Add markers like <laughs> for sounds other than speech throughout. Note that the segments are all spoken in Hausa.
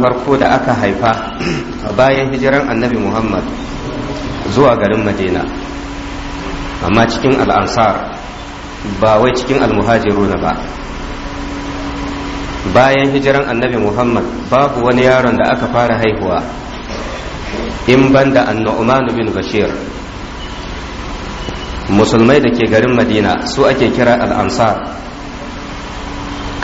farko da aka haifa a bayan hijiran annabi muhammad zuwa garin madina amma cikin al'ansar ba wai cikin almuhajiruna ba bayan hijiran annabi muhammad babu wani yaron da aka fara haihuwa in banda annu'man bin bashir musulmai da ke garin madina su ake kira al'ansar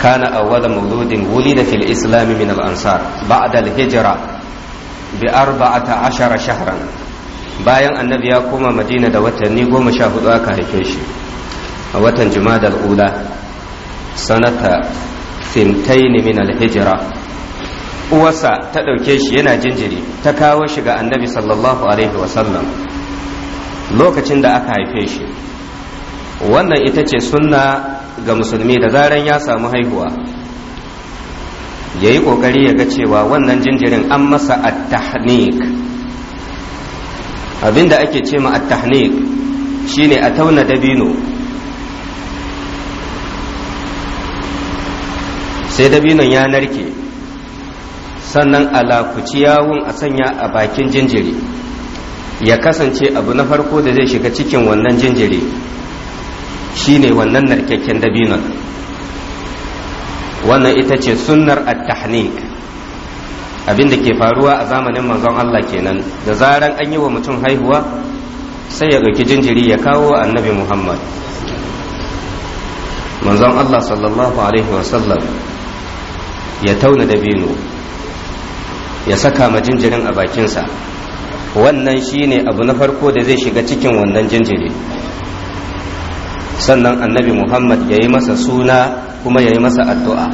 kana awwala mawludin wulida fil islam min al ansar ba'da al hijra bi bayan annabi ya koma madina da watanni goma sha hudu aka haife shi a watan jumadal ula sanata fintaini min alhijira. uwarsa ta ɗauke shi yana jinjiri ta kawo shi ga annabi sallallahu alaihi wasallam lokacin da aka haife shi wannan ita ce sunna ga musulmi da zaran ya samu haihuwa ya yi ƙoƙari ya ga cewa wannan jinjirin an masa attahnik abinda ake ce ma attahnik shine a tauna dabino sai dabinon ya narke sannan alakuci yawun a sanya a bakin jinjiri ya kasance abu na farko da zai shiga cikin wannan jinjiri Shi ne wannan narkakken dabinon wannan ita ce sunnar a tahnik abinda ke faruwa a zamanin manzon Allah kenan da zaran an yi wa mutum haihuwa sai ya ɗauki jinjiri ya kawo annabi Muhammad manzon Allah sallallahu alaihi wasallam ya tauna dabino ya saka ma jinjirin a bakinsa wannan shi ne abu na farko da zai shiga cikin wannan jinjiri sannan annabi muhammad ya yi masa suna kuma ya yi masa addu'a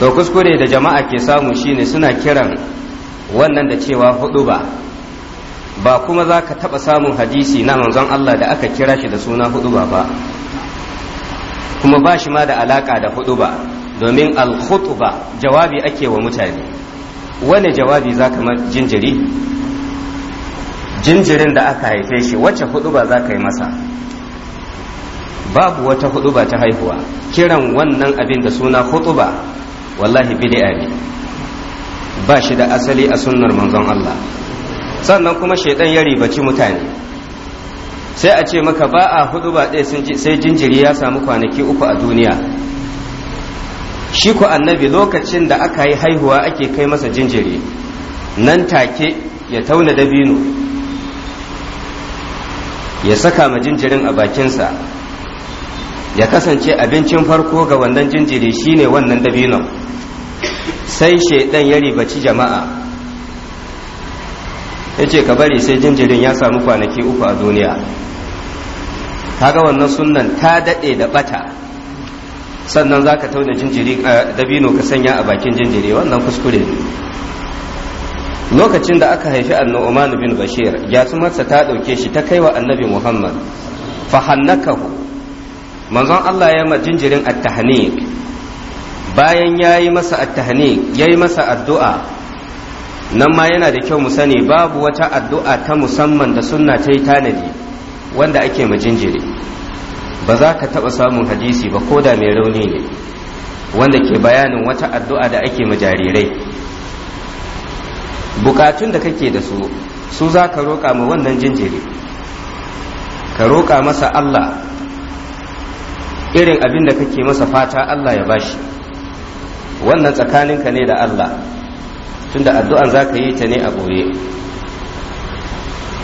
to kuskure da jama'a ke samu shine suna kiran wannan da cewa hudu ba ba kuma za ka taɓa samun hadisi na manzon Allah da aka kira shi da suna hudu ba ba kuma ba shi ma da alaka da hudu ba domin alhutuba jawabi ake wa mutane wane jawabi za ka jinjiri jinjirin da aka haife shi wacce hudu ba za ka yi masa babu wata huduba ta haihuwa kiran wannan abin da suna huɗuba wallahi bid'a ne ba shi da asali a sunnar manzon Allah sannan kuma shaidan ya ribaci mutane sai a ce maka ba a huduba ɗaya sai jinjiri ya samu kwanaki uku a duniya shi ku annabi lokacin da aka yi haihuwa ake kai masa jinjiri nan take ya tauna dabino ya saka ma jinjirin a bakinsa ya kasance abincin farko ga wannan jinjiri shine wannan dabinon sai shaidan ya ribaci jama'a ya ce ka bari sai jinjirin ya samu kwanaki uku a duniya kaga wannan sunan ta daɗe da bata sannan za ka tauna jinjiri eh, dabino ka sanya a bakin jinjiri wannan kuskure ne lokacin da aka haifi umar bin bashir gyatumarsa ta ɗauke shi ta kai wa annabi muhammad fa hannakahu manzon Allah ya ma jinjirin at-tahnik bayan yayi masa at-tahnik ya masa addu'a nan ma yana da kyau mu sani babu wata addu'a ta musamman da sunna ta yi tanadi wanda ake ma jinjiri ba za ka taɓa samun hadisi ba ko da mai rauni ne wanda ke bayanin wata addu'a da ake ma jarirai bukatun da kake da su su za ka roƙa ma wannan jinjiri ka roƙa masa Allah irin abin da kake masa fata Allah ya bashi wannan tsakaninka ne da Allah tunda addu'an za ka yi ta ne a ɓoye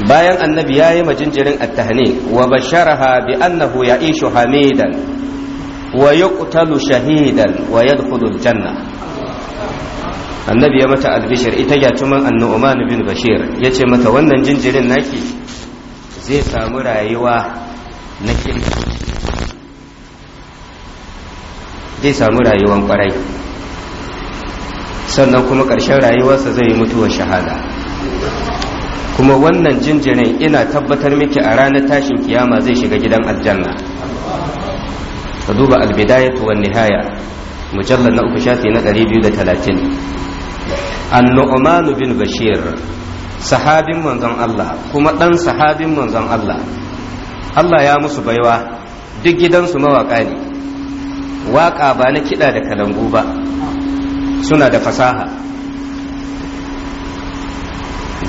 bayan annabi ya yi majinjirin attahne wa basharaha bi annahu ya ishu hamidan wa yuqtalu shahidan wa yadkhulu janna annabi ya mata albishir ita tuman annu'man bin bashir yace mata wannan jinjirin naki zai samu rayuwa na kirki zai samu rayuwan kwarai sannan kuma ƙarshen rayuwarsa zai yi mutuwar shahada kuma wannan jinjirin ina tabbatar miki a ranar tashin kiyama zai shiga gidan aljanna ka duba albidayatu wan nihaya mujallar na uku shafi na 230 an-nu'man bin bashir sahabin manzon Allah kuma dan sahabin manzon Allah Allah ya musu baiwa duk gidansu mawaka ne waƙa ba na kiɗa da kalangu ba suna da fasaha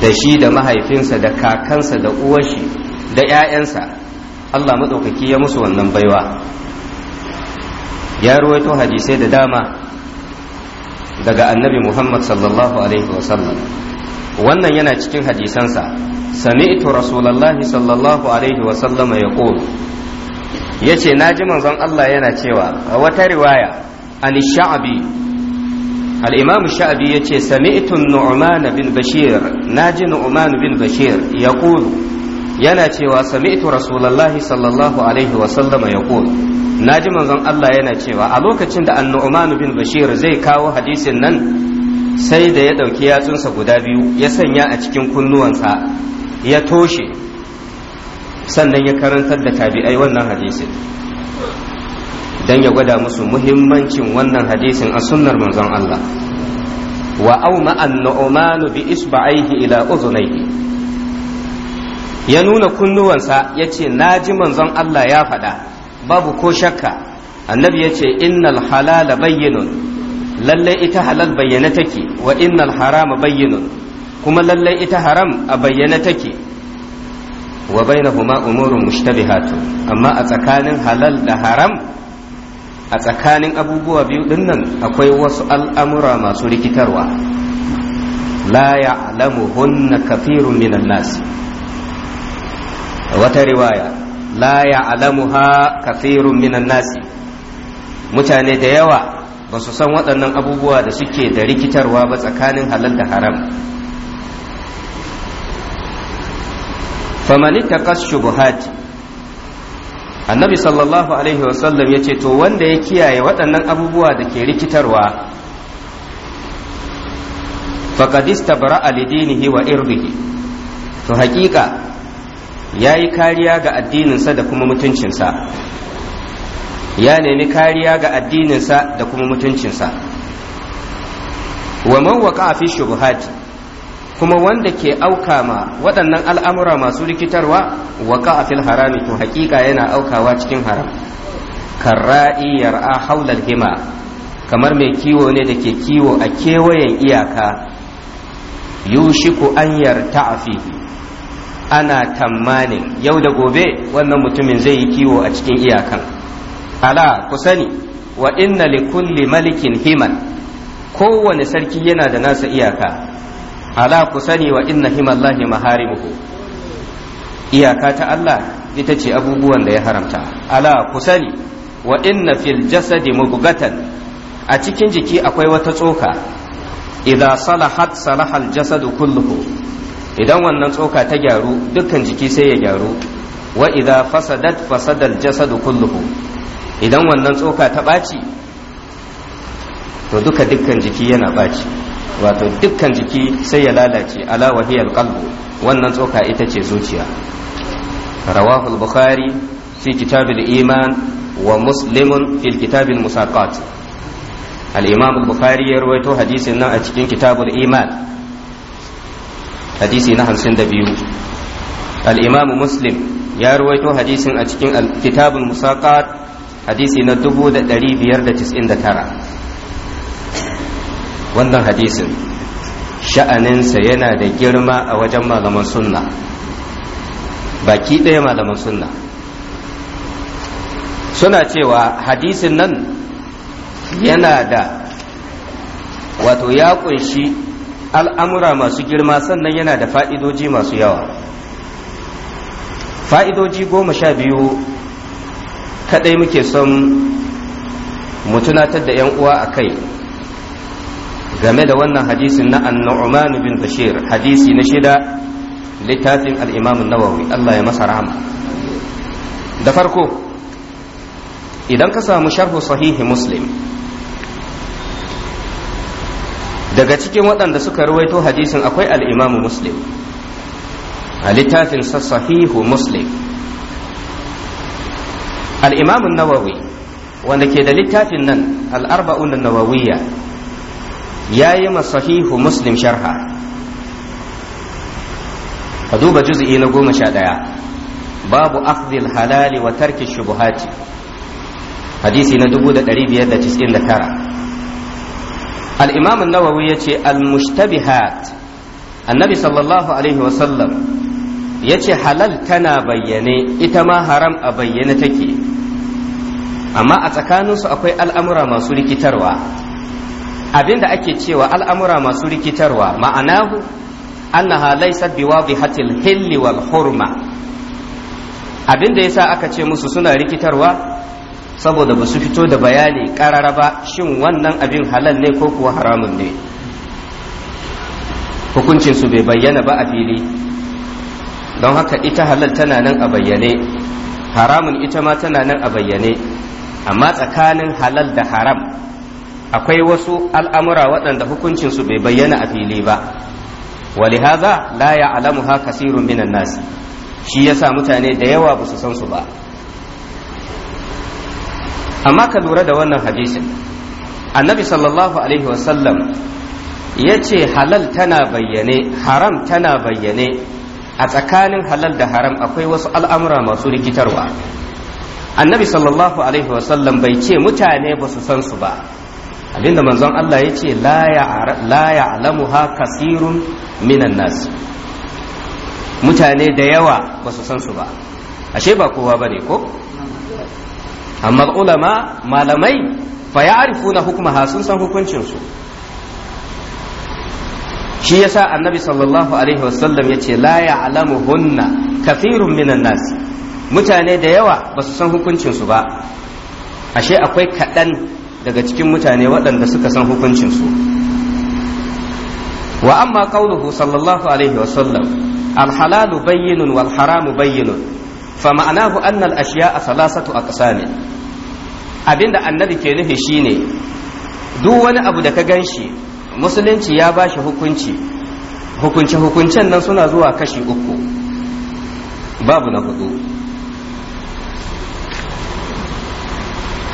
da shi da mahaifinsa da kakansa da uwashi da 'ya'yansa Allah maɗaukaki ya musu wannan baiwa ya ruwaito hadisai da dama daga annabi Muhammad sallallahu alaihi wasallam wannan yana cikin hadisansa sami'tu rasulallahi sallallahu alaihi wasallama ya ƙoro yace ji manzon Allah yana cewa a wata riwaya an sha'abi al-imam sha'abi yace sami'tu nu'man bin bashir ji nu'man bin bashir yaqulu yana cewa sami'tu rasulullahi sallallahu alaihi wa sallama na ji manzon Allah yana cewa a lokacin da an bin bashir zai kawo hadisin nan sai da ya ɗauki yatsunsa guda biyu ya sanya a cikin kunnuwansa ya toshe sannan ya karantar da tabi'ai wannan hadisin don ya gwada musu muhimmancin wannan hadisin a sunnar manzon Allah wa ma'an an bi isba'aihi ila uzunaihi ya nuna kunnuwansa ya ce na ji manzon Allah ya faɗa babu ko shakka annabi ya ce innal halala bayyinun lallai ita halal bayyana take wa innal harama bayyinun kuma lallai ita haram a bayyana take wa bainahuma umurun mushtabihatu amma a tsakanin halal da haram a tsakanin abubuwa biyu dinnan akwai wasu al'amura masu rikitarwa la ya'lamuhunna kathirun minan nas wata riwaya la ha kathirun minan nas mutane da yawa ba su san waɗannan abubuwa da suke da rikitarwa ba tsakanin halal da haram faman taqas shubuhat annabi sallallahu alaihi wasallam ya ce to wanda ya kiyaye waɗannan abubuwa da ke rikitarwa faqad bara alidinihi wa irbihi to haƙiƙa ya yi kariya ga addininsa da kuma mutuncinsa ya nemi kariya ga addininsa da kuma mutuncinsa wa man a fi shubuhati kuma wanda ke auka ma waɗannan al'amura masu rikitarwa waka a fil harami to haƙiƙa yana aukawa cikin haram karra'i yar'a haular hima kamar mai kiwo ne da ke kiwo a kewayen iyaka yushiku an yarta fihi ana tammanin yau da gobe wannan mutumin zai yi kiwo a cikin iyakan ala ku sani wa inna li malikin himan kowane sarki yana da nasa iyaka ala ku sani wa inna himallahi maharimuhu iyaka ta Allah ita ce abubuwan da ya haramta ala ku sani wa inna fil jasadi mugugatan a cikin jiki akwai wata tsoka idza salahat salahal jasadu kulluhu idan wannan tsoka ta gyaru dukkan jiki sai ya gyaru wa idza fasadat fasadal jasadu kulluhu idan wannan tsoka ta ɓaci to duka dukkan jiki yana ɓaci wato dukkan jiki sai ya lalace ala wahiyar qalbu wannan tsoka ita ce zuciya rawahu bukhari fi kitabil iman wa muslimun fi kitabil musaqat al-imam al-bukhari ya rawaito hadisin nan a cikin kitabul iman hadisi na 52 al-imam muslim ya rawaito hadisin a cikin kitabul musaqat hadisi na 2599 wannan hadisin sha'aninsa yana da girma a wajen malaman sunna baki ɗaya malaman sunna suna cewa hadisin nan yana da wato ya kunshi al'amura masu girma sannan yana da fa'idoji masu yawa fa'idoji goma sha biyu kaɗai muke son mu tunatar da 'yan uwa a kai game da wannan hadisin na annu'man bin bashir hadisi na shida littafin al-imam nawawi Allah ya masa rahama da farko idan ka samu sharhu sahihi muslim daga cikin waɗanda suka ruwaito hadisin akwai al-imam muslim a littafin sahihu muslim al-imam nawawi wanda ke da littafin nan al-arba'un nawawiyya ya yi sahihu muslim sharha ka duba juz'i na goma sha ɗaya babu akhdhil halali wa tarki shubuhati hadisi na 1599 al-imam an-nawawi yace al-mushtabihat annabi sallallahu alaihi wasallam yace halal tana bayyane ita ma haram a bayyane take amma a tsakaninsu akwai al'amura masu rikitarwa abinda ake cewa al'amura masu rikitarwa ma'ana ma'anahu annaha laysat hatil hilli wal hurma abinda yasa aka ce musu suna rikitarwa saboda ba su fito da bayani karara ba shin wannan abin halal ne ko kuwa haramun ne Hukuncinsu bai bayyana ba a fili don haka ita halal tana nan a bayyane haramun ita ma tana nan a bayyane amma tsakanin halal da haram akwai wasu al'amura waɗanda hukuncinsu bai bayyana a fili ba wali walihaza la ha kasirun minan nasi shi ya sa mutane da yawa ba su san su ba amma ka lura da wannan hadisin annabi sallallahu alaihi wasallam ya ce halal tana bayyane haram tana bayyane a tsakanin halal da haram akwai wasu al'amura masu rikitarwa annabi sallallahu alaihi wasallam bai ce mutane ba su san su ba abinda manzon Allah ya ce la ya alamu ha kasirun minan nasu mutane da yawa ba su san su ba ashe ba kowa bane ko amma ulama malamai fa ya hukuma ha sun san hukuncin su shi sa annabi sallallahu alaihi wasallam ya ce la hunna kasirun minan nasu mutane da yawa ba su san hukuncinsu ba ashe akwai kaɗan daga cikin mutane waɗanda suka san hukuncinsu wa amma qauluhu sallallahu alaihi wa sallam alhalalu bayyinun wal haramu bayyinun fa ma'anahu anna al ashiya'a thalathatu aqsam abinda annabi ke nufi shine duk wani abu da ka ganshi musulunci ya bashi hukunci hukunce hukuncen nan suna zuwa kashi uku babu na hudu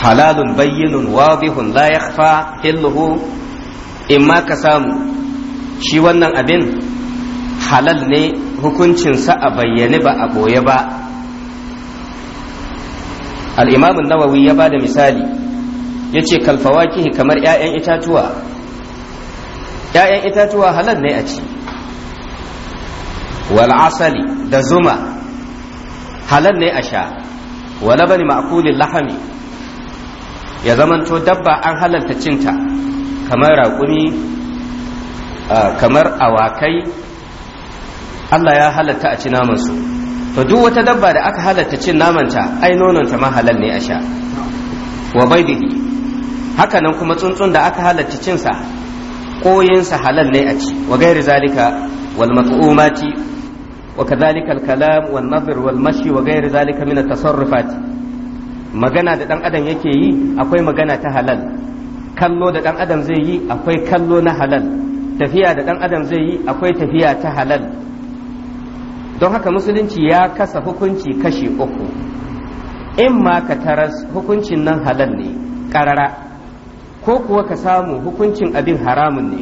halalun bayyinun wadihun la yakhfa hilluhu imma ka samu shi wannan abin halal ne hukuncinsa a bayyane ba a boye ba al'imamun nawawi ya ba da misali ya ce kalfawakihi kamar ‘ya'yan itatuwa ‘ya'yan itatuwa halal ne a ci wal asali da zuma halal ne a sha wa labani ma'kulin lahami ya zamanto dabba an halalta cinta kamar raƙumi kamar awakai Allah ya halatta a ci namansu to duk wata dabba da aka halatta cin namanta ai nononta ma halal ne a sha wa baidihi haka nan kuma tsuntsun da aka halatta cinsa koyinsa halal ne a ci wa gairi zalika wal mat'umati wa kadhalika al kalam wan nadhr wal mashi wa gairi zalika min at tasarrufati magana da ɗan adam yake yi akwai magana ta halal kallo da ɗan adam zai yi akwai kallo na halal tafiya da ɗan adam zai yi akwai tafiya ta halal don haka musulunci ya kasa hukunci kashi uku in ma ka taras hukuncin nan halal ne ƙarara ko kuwa ka samu hukuncin abin haramun ne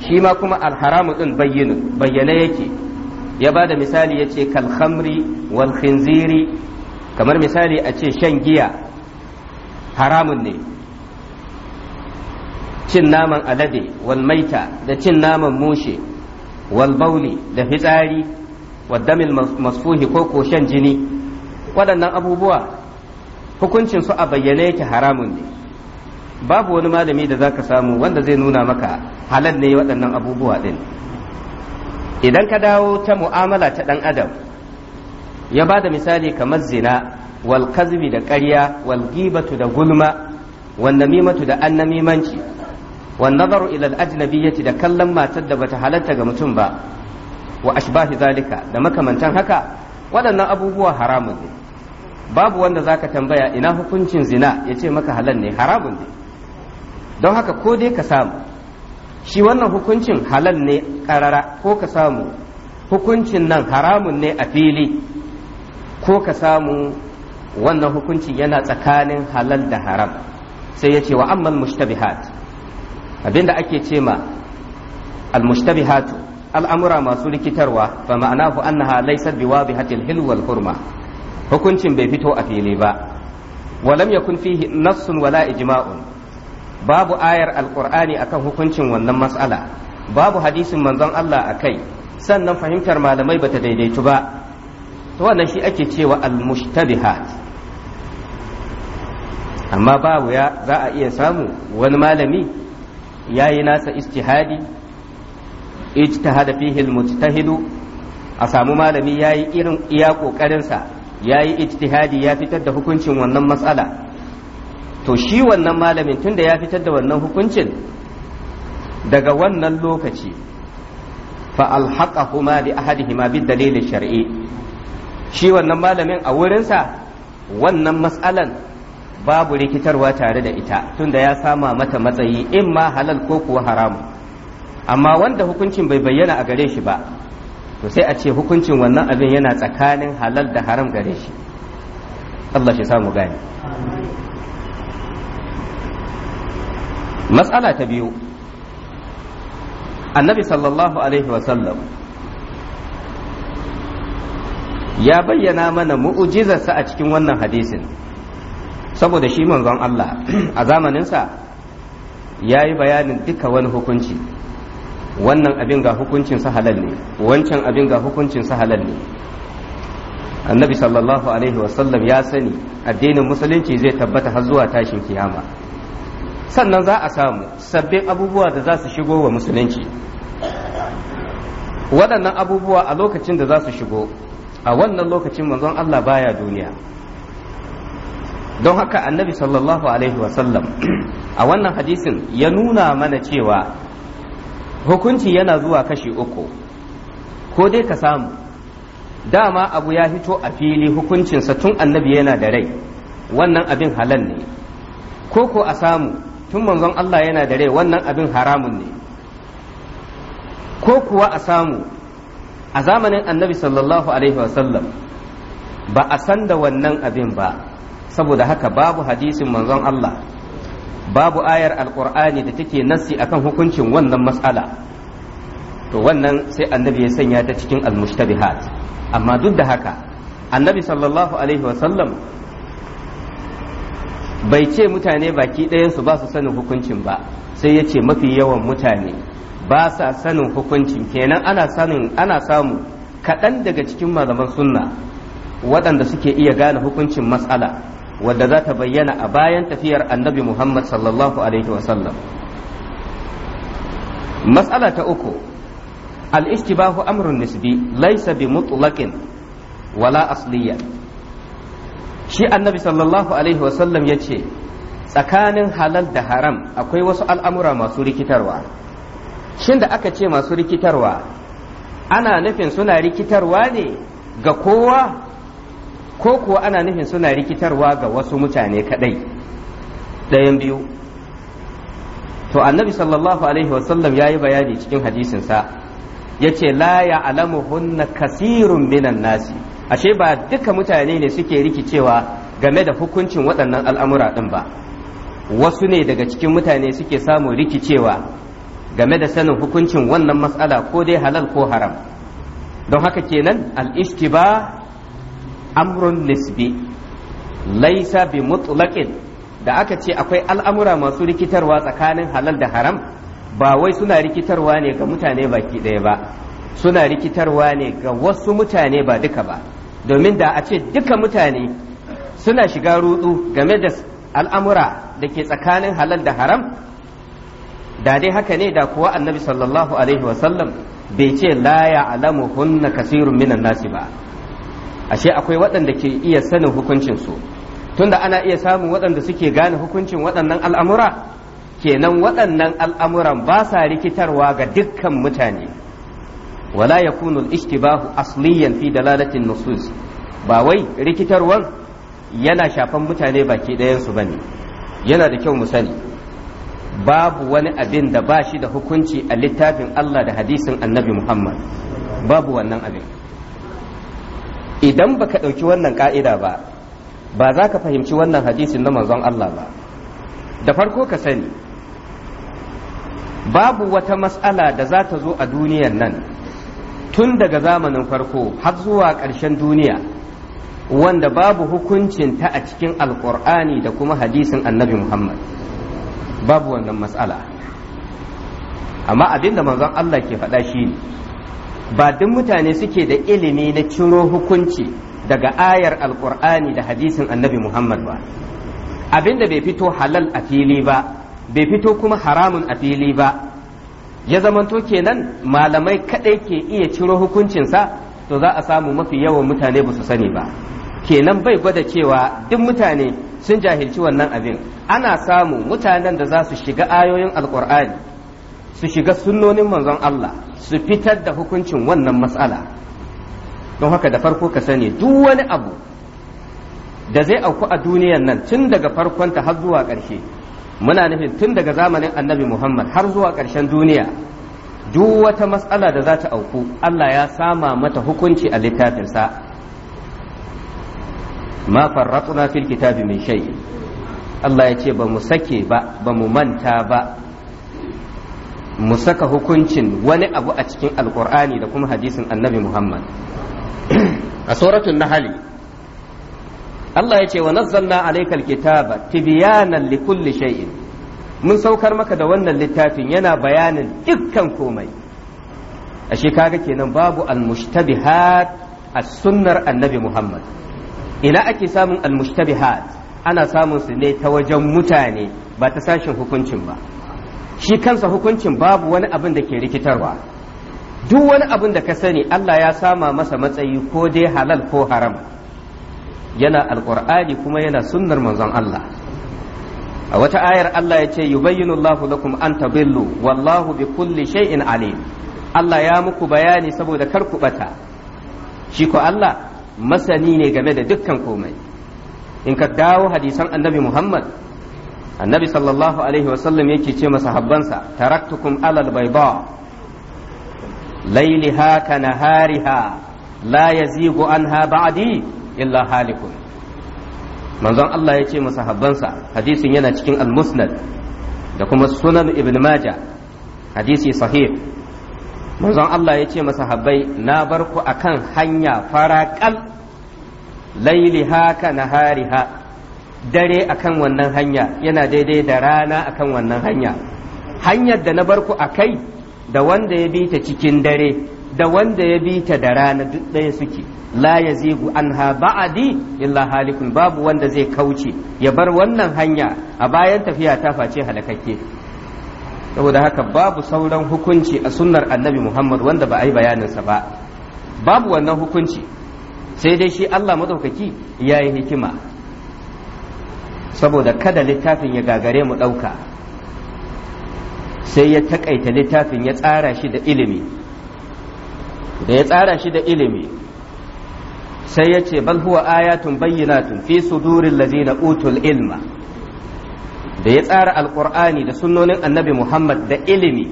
shi ma kuma alharamu ɗin bayyana yake ya ba da misali ya ce kalhamri wal khinziri kamar misali a ce shan giya haramun ne cin naman alade wal maita da cin naman mushe wal bauli da fitsari wa damil masfuhi ko ko shan jini waɗannan abubuwa hukuncin su a bayyane yake haramun ne babu wani malami da za ka samu wanda zai nuna maka halal ne waɗannan abubuwa ɗin idan ka dawo ta mu'amala ta ɗan adam ya ba da misali kamar zina wal kazbi da ƙarya wal gibatu da gulma wal namimatu da annamimanci wal nazaru ila al ajnabiyyati da kallon matar da bata halatta ga mutum ba wa ashbahi zalika da makamantan haka waɗannan abubuwa haramun ne babu wanda zaka tambaya ina hukuncin zina ya maka halal ne haramun ne don haka ko dai ka samu shi wannan hukuncin halal ne ƙarara ko ka samu hukuncin nan haramun ne a fili ko ka samu wannan hukunci yana tsakanin halal da haram sai ya ce wa ammal mushtabihat abinda ake ce ma al-mushtabihatu al'amura masu rikitarwa fa ma'anahu annaha laysat biwadihatil hil hilwal hurma hukuncin bai fito a fili ba walam yakun fihi nassun wala ijma'un babu ayar alqur'ani akan hukuncin wannan mas'ala babu hadisin manzon Allah a kai sannan fahimtar malamai bata daidaitu ba to wannan shi ake cewa al-mushtabihat amma babu ya za a iya samu wani malami ya yi nasa istihadi ijtihada fihi al-mujtahidu a samu malami ya yi irin iya kokarinsa ya yi ijtihadi ya fitar da hukuncin wannan matsala to shi wannan malamin tunda ya fitar da wannan hukuncin daga wannan lokaci fa alhaqahuma bi ahadihima bid dalil shar'i shi wannan malamin a wurinsa wannan matsalan babu rikitarwa tare da ita tunda ya sama mata matsayi in ma halal ko kuwa haramu amma wanda hukuncin bai bayyana a gare shi ba to sai a ce hukuncin wannan abin yana tsakanin halal da haram gare shi Allah shi samu gani matsala ta biyu annabi sallallahu alaihi wasallam ya bayyana mana mu'ujizarsa a cikin wannan hadisin saboda shi manzon Allah <clears throat> a zamaninsa ya yi bayanin duka wani hukunci wannan abin ga hukuncin halal ne wancan abin ga hukuncin halal ne annabi sallallahu alaihi wasallam ya sani addinin musulunci zai tabbata har zuwa tashin kiyama sannan za a samu sabbin abubuwa da za su shigo wa musulunci waɗannan abubuwa a lokacin da za su shigo a wannan lokacin manzon Allah baya duniya don haka annabi sallallahu alaihi wasallam a wannan hadisin ya nuna mana cewa hukunci yana zuwa kashi uku ko dai ka samu dama abu ya fito a fili hukuncinsa tun annabi yana da rai wannan abin halal ne ko ko a samu tun manzon Allah yana da rai wannan abin haramun ne ko kuwa a samu a zamanin annabi sallallahu alaihi wasallam ba a san da wannan abin ba saboda haka babu hadisin manzon Allah babu ayar alkur'ani da take nassi akan hukuncin wannan matsala to wannan sai annabi ya sanya ta cikin almustabihat amma duk da haka annabi sallallahu alaihi wasallam bai ce mutane baki ɗayansu ba su sanin hukuncin ba sai ya ce mafi yawan mutane ba sa sanin hukuncin kenan ana sanin ana samu kaɗan daga cikin malaman sunna waɗanda suke iya gane hukuncin matsala wadda za ta bayyana a bayan tafiyar annabi muhammad sallallahu alaihi wasallam matsala ta uku al-ishtibahu amrun nisbi laysa bi mutlaqin wala asliya shi annabi sallallahu alaihi wasallam ya ce tsakanin halal da haram akwai wasu al'amura masu rikitarwa shin da aka ce masu rikitarwa ana nufin suna rikitarwa ne ga kowa ko kuwa ana nufin suna rikitarwa ga wasu mutane kadai ɗayan biyu to annabi sallallahu alaihi wasallam ya yi bayani cikin hadisinsa ya ce la ya alamuhunna kasirun minan nasi ashe ba duka mutane ne suke rikicewa game da hukuncin waɗannan al'amura ɗin ba wasu ne daga cikin mutane suke samun rikicewa game da sanin hukuncin wannan matsala ko dai halal ko haram don haka kenan al-ishtiba amrun nisbi laisa bi mutlaqin da aka ce akwai al'amura masu rikitarwa tsakanin halal da haram ba wai suna rikitarwa ne ga mutane baki ɗaya ba suna rikitarwa ne ga wasu mutane ba duka ba domin da a ce duka mutane suna shiga rudu game da al'amura da ke tsakanin halal da haram da dai haka ne da kuwa annabi sallallahu alaihi wasallam bai ce la alamu hunna kasirun minan nasi ba ashe akwai waɗanda ke iya sanin hukuncin su tunda ana iya samun waɗanda suke gane hukuncin waɗannan al'amura kenan waɗannan al'amuran ba sa rikitarwa ga dukkan mutane wala yakunu al-ishtibahu asliyan fi dalalatin nusus ba wai rikitarwan yana shafan mutane baki ɗayansu bane yana da kyau mu sani babu wani abin da ba shi da hukunci a littafin Allah da hadisin annabi Muhammad babu wannan abin idan baka ɗauki wannan ka'ida ba ba za ka fahimci wannan hadisin na manzon Allah ba da farko ka sani babu wata matsala da za ta zo a duniyan nan tun daga zamanin farko har zuwa ƙarshen duniya wanda babu hukuncin ta a cikin alƙur'ani da kuma hadisin annabi Muhammad. babu wannan matsala amma abinda manzon Allah ke faɗa shi ne ba duk mutane suke da ilimi na ciro hukunci daga ayar alkur'ani da hadisin annabi muhammad ba da bai fito halal a fili ba bai fito kuma haramun a fili ba ya zamanto kenan malamai kadai ke iya ciro hukuncinsa to za a samu mafi yawan mutane ba su sani ba kenan bai gwada cewa duk mutane sun jahilci wannan abin ana samu mutanen da za su shiga ayoyin alkur'ani su shiga sunnonin manzon Allah su fitar da hukuncin wannan matsala don haka da farko ka sani duk wani abu da zai auku a duniyan nan tun daga farkonta har zuwa ƙarshe muna nufin tun daga zamanin annabi muhammad har zuwa ƙarshen duniya duk wata matsala da za ta auku Allah ya sama mata hukunci a littafinsa ma farratuna fil kitabi min shay Allah ya ce ba mu sake ba ba mu manta ba mu saka hukuncin wani abu a cikin alkur'ani da kuma hadisin annabi muhammad a suratul nahali Allah ya ce wa nazzalna alaikal kitaba tibyanan likulli shay'in mun saukar maka da wannan littafin yana bayanin dukkan komai ashe kaga kenan babu almushtabihat as-sunnar annabi muhammad ina ake samun almushtabihat ana samun su ne ta wajen mutane ba ta sashin hukuncin ba shi kansa hukuncin babu wani abin da ke rikitarwa duk wani abin da ka sani Allah ya sama masa matsayi ko dai halal ko haram yana alqur'ani kuma yana sunnar manzon Allah a wata ayar Allah ya ce yubayyinu Allahu lakum an tabillu wallahu bi kulli shay'in alim Allah ya muku bayani saboda kar ku bata shi ko Allah masani ne game da dukkan komai in ka dawo hadisan annabi muhammad annabi sallallahu alaihi wasallam yake ce masa habbansa taraktukum alal bayda lailiha ka nahariha la yazigu anha ba'di illa halikun manzon Allah ya ce masa habbansa hadisin yana cikin al-musnad da kuma sunan ibn majah hadisi sahih manzon Allah ya ce masahabbai na bar ku akan hanya faraƙal laili haka Hariha dare akan wannan hanya yana daidai da rana akan wannan hanya hanyar da na barku ku a kai da wanda ya bi ta cikin dare da wanda ya bi ta da rana duk ɗaya suke la ya zigu an ha ba'adi illa halikun babu wanda zai kauce ya bar wannan hanya a bayan tafiya ta face halakakke saboda haka babu sauran hukunci a sunnar annabi muhammad wanda ba a yi bayaninsa ba babu wannan hukunci sai dai shi allah madaukaki ya yi hikima saboda kada littafin ya gagare mu ɗauka sai ya takaita littafin ya tsara shi da ilimi da ya tsara shi da ilimi sai ya ce bal huwa ayatun bayyinatun fi sudurin lazina utul ilma da ya tsara alkur'ani da sunnonin annabi muhammad da ilimi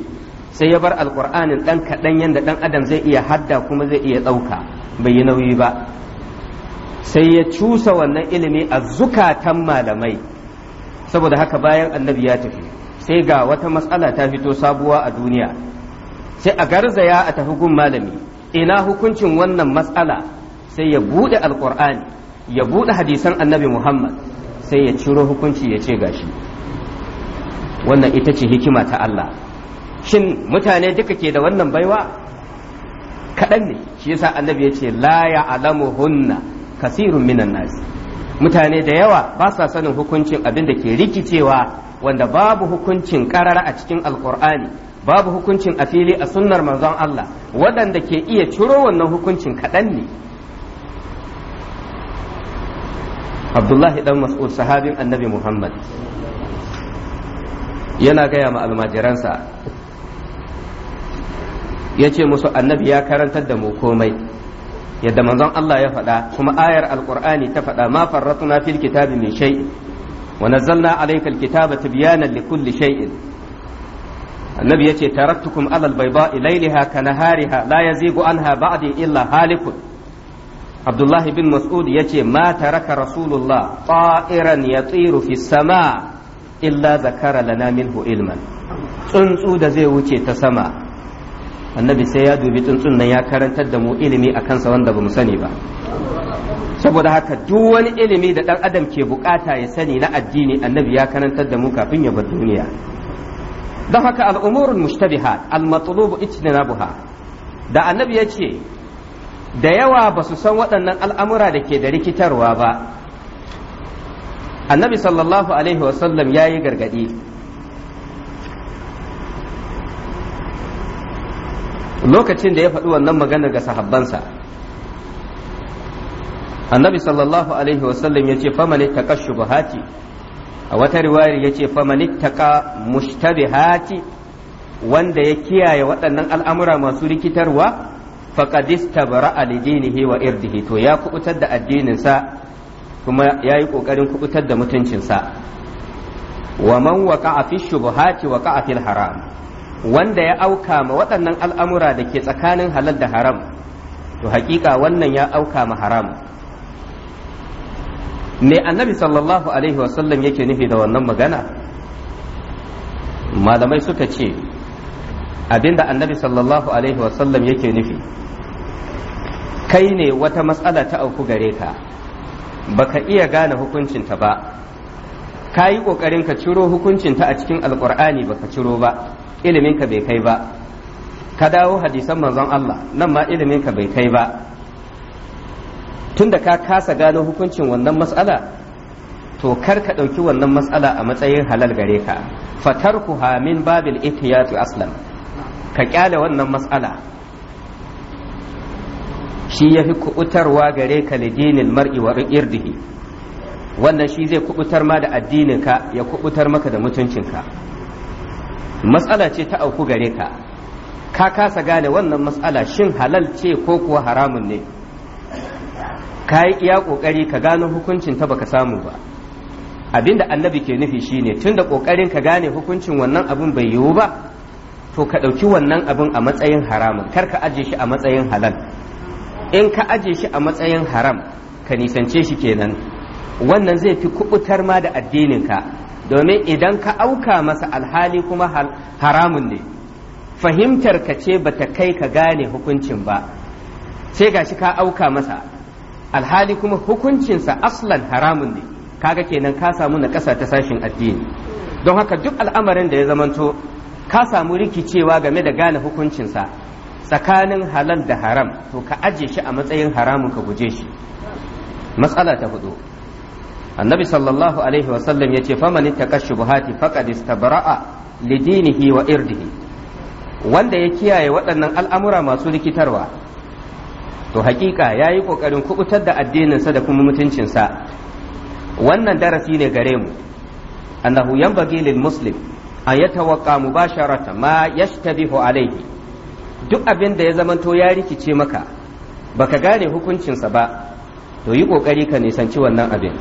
sai ya bar alkur'anin dan kaɗan yadda dan adam zai iya hadda kuma zai iya ɗauka bai yi nauyi ba sai ya cusa wannan ilimi a zukatan malamai saboda haka bayan annabi ya tafi sai ga wata matsala ta fito sabuwa a duniya sai a garzaya a tafi gun malami ina hukuncin wannan matsala sai ya buɗe alkur'ani ya buɗe hadisan annabi muhammad sai ya ciro hukunci ya ce gashi wannan ita ce hikima ta Allah shin mutane duka ke da wannan baiwa kaɗan ne shi yasa annabi ya ce la hunna kasirun minan nas mutane da yawa ba sa sanin hukuncin abin da ke rikicewa wanda babu hukuncin karara a cikin alkur'ani babu hukuncin a fili a sunnar manzon Allah waɗanda ke iya ciro wannan hukuncin kaɗan ne abdullahi dan mas'ud sahabin annabi muhammad yana gaya ma almajiransa ya ce musu annabi ya karantar da mu komai yadda manzon Allah ya faɗa kuma ayar alkur'ani ta faɗa ma farratuna fil kitabi min shay wa nazzalna alayka alkitaba tibyanan likulli shay'in annabi yace taraktukum ala albayda'i ilailiha kanahariha la yazigu anha ba'di illa halikun abdullahi bin mas'ud yace ma taraka rasulullah ta'iran yatiru fis sama' illa zakara lana minhu ilman tsuntsu da zai wuce ta sama annabi sai ya dubi tsuntsun nan ya karantar da mu ilimi a kansa wanda ba mu sani ba saboda haka duk wani ilimi da ɗan adam ke bukata ya sani na addini annabi ya karantar da mu kafin ya bar duniya don haka al'umurun mushtabihat al-matlubu ijtinabuha da annabi ya ce da yawa ba su san waɗannan al'amura da ke da rikitarwa ba annabi sallallahu alaihi wasallam ya yi gargaɗi lokacin da ya faɗi wannan magana ga sahabbansa annabi sallallahu alaihi wasallam ya ce famani taƙa shubuhati a wata riwayar ya ce famani taƙa mushtabihati wanda ya kiyaye waɗannan al'amura masu rikitarwa faƙadista bara alidinihi wa irdihi to ya kubutar da addininsa kuma ya yi ƙoƙarin kubutar da mutuncinsa wa man waka fi shubuhati waka fil haram wanda ya auka ma waɗannan al'amura da ke tsakanin halal da haram to haƙiƙa wannan ya auka ma haram me annabi sallallahu alaihi wasallam yake nufi da wannan magana malamai suka ce abinda annabi sallallahu alaihi wasallam yake nufi kai ne wata matsala ta auku gare ka baka iya gane hukuncinta ba ka yi ƙoƙarin ka ciro hukuncinta a cikin alƙur'ani baka ciro ba iliminka bai kai ba ka dawo hadisan manzon Allah nan ma iliminka bai kai ba tunda ka kasa gano hukuncin wannan mas'ala to kar ka ɗauki wannan matsala a matsayin halal gare ka fatarkuha min babil ihtiyat aslam ka kyale wannan matsala. shi ya fi kubutarwa gare ka lidinin mar'i wa irdihi wannan shi zai kubutar ma da addininka ya kubutar maka da mutuncinka matsala ce ta auku gare ka ka kasa gane wannan matsala shin halal ce ko kuwa haramun ne ka yi iya ƙoƙari ka gano hukuncin ta baka samu ba abinda annabi ke nufi shine tunda ƙoƙarin ka gane hukuncin wannan abin bai yiwu ba to ka ɗauki wannan abin a matsayin haramun kar ka ajiye shi a matsayin halal in ka aje shi a matsayin haram ka nisance shi kenan wannan zai fi kubutar ma da addininka domin idan ka auka masa alhali kuma haramun ne fahimtar ka ce ba ta kai ka gane hukuncin ba sai gashi ka auka masa alhali kuma hukuncinsa aslan haramun ne kaga kenan ka samu na ƙasa ta sashin addini don haka duk al'amarin da ya zamanto ka samu rikicewa game da gane hukuncinsa tsakanin halal da haram to ka aje shi a matsayin haramun ka guje shi matsala ta hudu annabi sallallahu alaihi wasallam ya ce faman ta shubuhati buhati istabra'a li lidinihi wa irdihi wanda ya kiyaye waɗannan al'amura masu rikitarwa to hakika yi ƙoƙarin kubutar da addininsa da kuma mutuncinsa wannan darasi ne gare mu annahu yanbaghi lil muslim an yatawaqqa mubasharata ma yashtabihu alaihi duk abin da ya zamanto ya rikice maka baka gane hukuncinsa ba to yi kokari ka nisanci wannan abin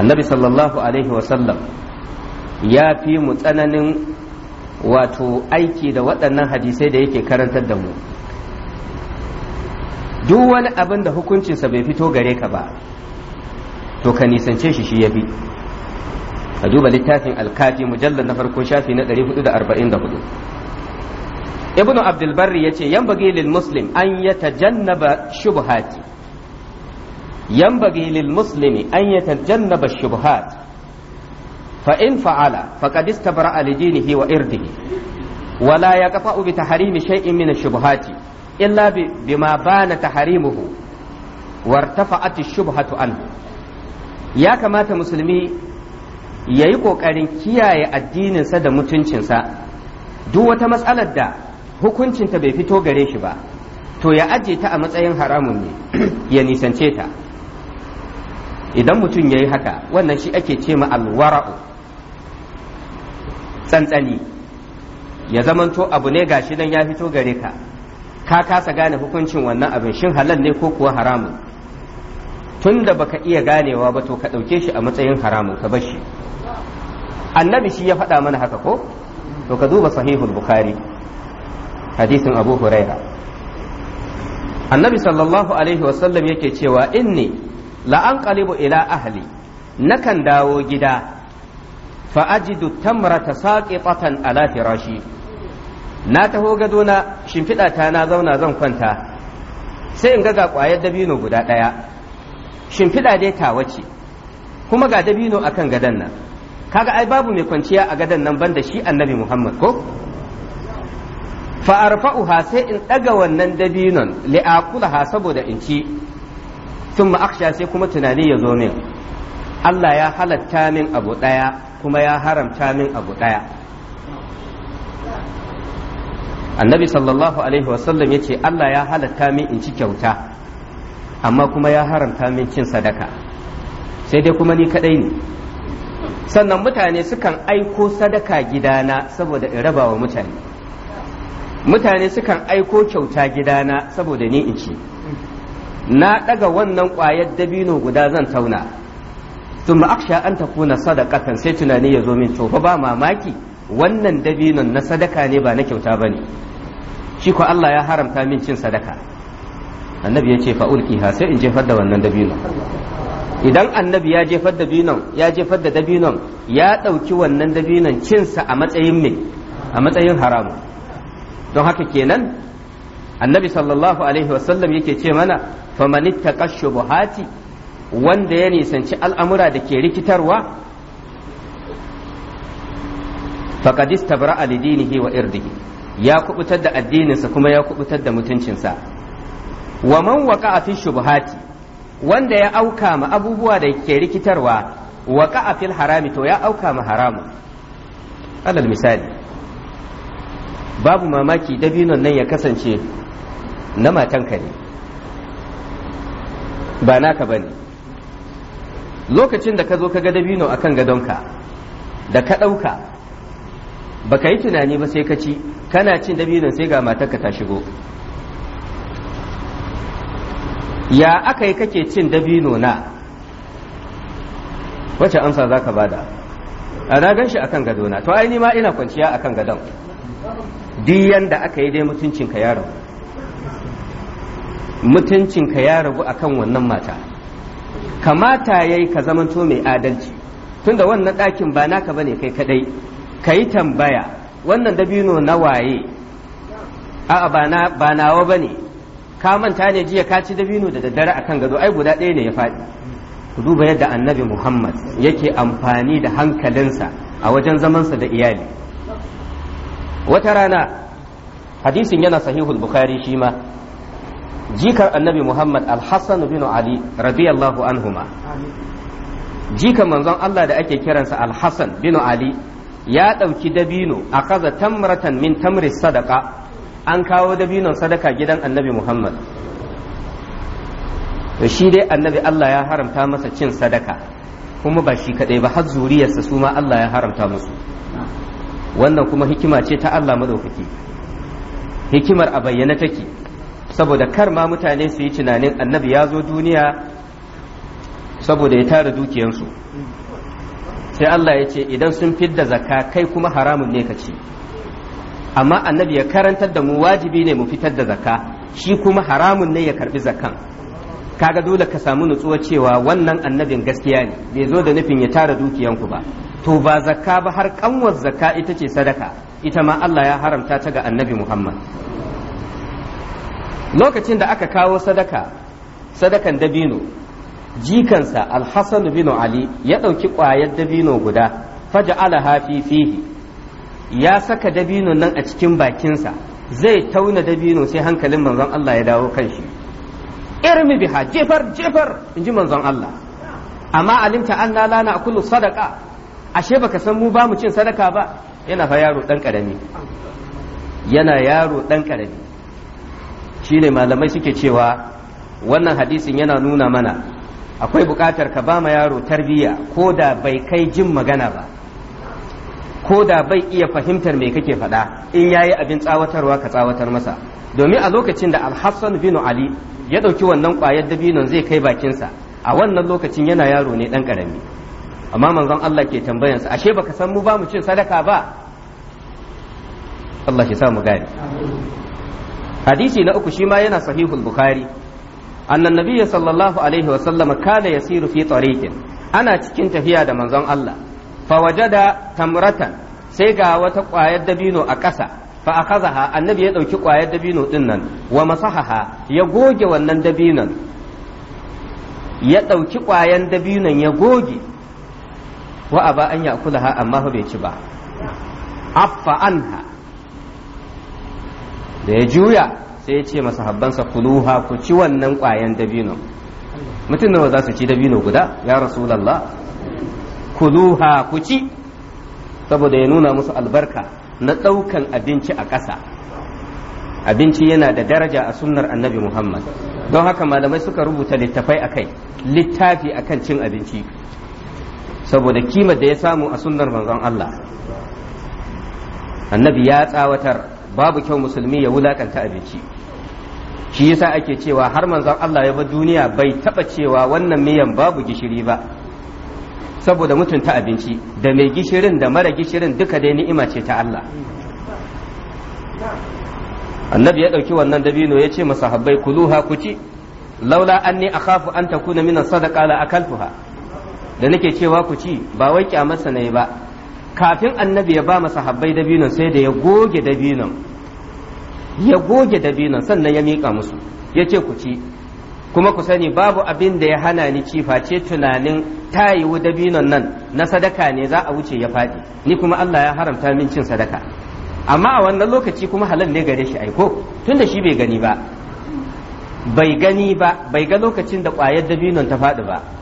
annabi sallallahu alaihi wasallam ya fi mu tsananin wato aiki da waɗannan hadisai da yake karantar da mu duk wani abin da hukuncinsa bai fito gare ka ba to ka nisance shi shi ya bi a duba littafin alkafi mujallar na farko shafi na 444 ibnu abdul barri yace yanbaghi lil muslim an yatajannaba shubuhati yanbaghi lil muslimi an yatajannaba shubuhat fa in fa'ala faqad istabra'a li dinihi wa irdihi ولا يقطع بتحريم شيء من الشبهات إلا بما بان تحريمه وارتفعت الشبهة عنه يا كما مسلمي yayi ƙoƙarin kiyaye addininsa da mutuncinsa duk wata matsalar da hukuncinta bai fito gare shi ba to ya aje ta a matsayin haramun ne <clears throat> ya nisance ta idan mutum ya yi haka wannan shi ake ce ma alwara'u tsantsani ya zamanto abu ne gashi nan ya fito gare ka ka kasa gane hukuncin wannan abin shin halal ne ko kuwa haramun tun da baka iya ganewa ba to ka ɗauke shi a matsayin haramun ka bar shi annabi shi ya faɗa mana haka ko to ka duba sahihul bukhari hadisin abu huraira annabi sallallahu alaihi wasallam yake cewa inni la'an qalibu ila ahli nakan dawo gida fa ajidu tamrata saqitatan ala firashi na taho gadona shimfiɗa ta na zauna zan kwanta sai in ga ga ƙwayar dabino guda ɗaya shimfiɗa dai ta ce kuma ga dabino akan gadan nan kaga ai babu mai kwanciya a gadan nan banda shi annabi muhammad ko fa ha sai in ɗaga wannan dabinon li'akulaha saboda in ci tun aksha sai kuma tunani ya zo min Allah ya halatta min abu ɗaya kuma ya haramta min abu ɗaya annabi sallallahu alaihi wasallam ya ce Allah ya halatta min in ci kyauta amma kuma ya haramta min cin sadaka sai dai kuma ni kaɗai ne sannan mutane sukan aiko sadaka gidana saboda in rabawa mutane mutane sukan aiko kyauta gidana saboda ni in ci na daga wannan ƙwayar dabino guda zan tauna tun aksha an kuna sadakatan sai tunani ya zo min to ba mamaki wannan dabinon na sadaka ne ba na kyauta ba ne shi ko Allah ya haramta min cin sadaka annabi ya ce fa'ulkiha sai in jefar da wannan dabinon idan annabi ya jefar da dabinon ya jefar da dabinon ya ɗauki wannan dabinon cinsa a matsayin me a matsayin haramun don haka kenan annabi sallallahu alaihi wasallam yake ce mana faman kashe shubuhati wanda ya nisanci al'amura da ke rikitarwa faqad istabra'a alidinihi wa irdihi ya kubutar da addininsa kuma ya kubutar da mutuncinsa wa man waqa'a fi shubuhati wanda ya auka ma abubuwa da ke rikitarwa waqa'a fil harami to ya auka ma haramu alal misali babu mamaki dabinon nan ya kasance na matanka ne ba naka ba ne lokacin da ka zo ka ga dabino a kan gadonka da ka ɗauka ba ka yi tunani ba sai ka ci kana cin dabinon sai ga matanka ta shigo ya aka yi kake cin dabino na wacce amsa za ka bada a na gan shi akan gadona to ai ni ma ina kwanciya akan gadon duk yanda aka yi dai mutuncinka ya ragu mutuncinka ya ragu akan wannan mata kamata ya yi ka zamanto mai adalci tunda wannan ɗakin ba naka bane kai kadai ka yi tambaya wannan dabino na waye a ba nawa bane ka manta ne jiya ka ci dabino da daddare akan gado ai guda ɗaya ne ya faɗi ku duba yadda annabi muhammad yake amfani da hankalinsa a wajen zamansa da iyali wata rana hadisin yana sahihul bukhari shi ma jikar annabi muhammad al-hassan bin ali radiyallahu anhuma jikan manzon allah da ake kiransa al-hassan bin ali ya ɗauki dabino a kaza tamratan min tamri sadaka an kawo dabinon sadaka gidan annabi muhammad to shi dai annabi allah ya haramta masa cin sadaka kuma ba shi kaɗai ba har zuriyarsa su ma allah ya haramta musu wannan kuma hikima ce ta Allah maɗaukaki hikimar a bayyana take saboda kar ma mutane su yi tunanin annabi ya zo duniya saboda ya tara dukiyansu sai Allah ya ce idan sun fidda zakka kai kuma haramun ne ka ci amma annabi ya karantar da mu wajibi ne mu fitar da zakka shi kuma haramun ne ya karbi zakkan kaga dole ka samu nutsuwa cewa wannan annabin gaskiya ne bai zo da nufin ya tara dukiyanku ba to ba zakka ba har kanwar zakka ita ce sadaka ita ma Allah ya haramta ta ga annabi Muhammad lokacin da aka kawo sadaka sadakan dabino jikansa alhassan bin ali ya ɗauki ƙwayar dabino guda faja'ala hafi fihi ya saka dabino nan a cikin bakinsa zai tauna dabino sai hankalin manzon Allah ya dawo kan shi irmi biha jefar jefar in ji manzon Allah amma alimta an la lana kullu sadaqa ashe baka san mu ba mu cin sadaka ba yana fa yaro dan karami yana yaro dan karami shine malamai suke cewa wannan hadisin yana nuna mana akwai bukatar ka ba ma yaro tarbiyya ko da bai kai jin magana ba ko da bai iya fahimtar me kake faɗa in yayi abin tsawatarwa ka tsawatar masa domin a lokacin da alhassan bin ali ya ɗauki wannan ƙwayar dabinon zai kai bakinsa a wannan lokacin yana yaro ne ɗan karami. amma manzon Allah ke tambayansa ashe baka san mu ba mu cin sadaka ba Allah shi sa mu gane hadisi na uku shi ma yana sahihul bukhari annan nabiyyi sallallahu alaihi wa sallama kana yasiru fi tariqin ana cikin tafiya da manzon Allah fa wajada tamratan sai ga wata ƙwayar dabino a ƙasa fa akhazaha annabi ya ɗauki ƙwayar dabino din nan wa masahaha ya goge wannan dabinon ya ɗauki ƙwayan dabinon ya goge wa aba an ya ha amma fa bai ci ba affa anha da ya juya sai ya ce masahabbansa kuluha ku ci wannan kwayan dabino mutum nawa za su ci dabino guda ya rasulullah kuluha ku ci saboda ya nuna musu albarka na ɗaukan abinci a ƙasa abinci yana da daraja a sunnar annabi muhammad don haka malamai suka rubuta littafai akai littafi akan cin abinci saboda kima da ya samu a sunnar manzon Allah annabi ya tsawatar babu kyau musulmi ya wulakanta abinci shi yasa ake cewa har manzon Allah ya bar duniya bai taba cewa wannan miyan babu gishiri ba saboda mutunta abinci da mai gishirin da mara gishirin duka dai ni'ima ce ta Allah annabi ya ɗauki wannan dabino ya ce masahabbai kuluha ku ci laula anni akhafu an takuna minan sadaqa la akaltuha da nake cewa ku ci ba wai kyamarsa ne ba kafin annabi ya ba sahabbai dabinon sai da ya goge dabinon ya goge dabinon sannan ya miƙa musu ya ce ku ci kuma ku sani babu abin da ya hana ni ci face tunanin tayiwu dabinon nan na sadaka ne za a wuce ya faɗi ni kuma Allah ya haramta min cin sadaka amma a wannan lokaci kuma halal ne gare shi aiko da shi bai gani ba bai gani ba bai ga lokacin da ƙwayar dabinon ta faɗi ba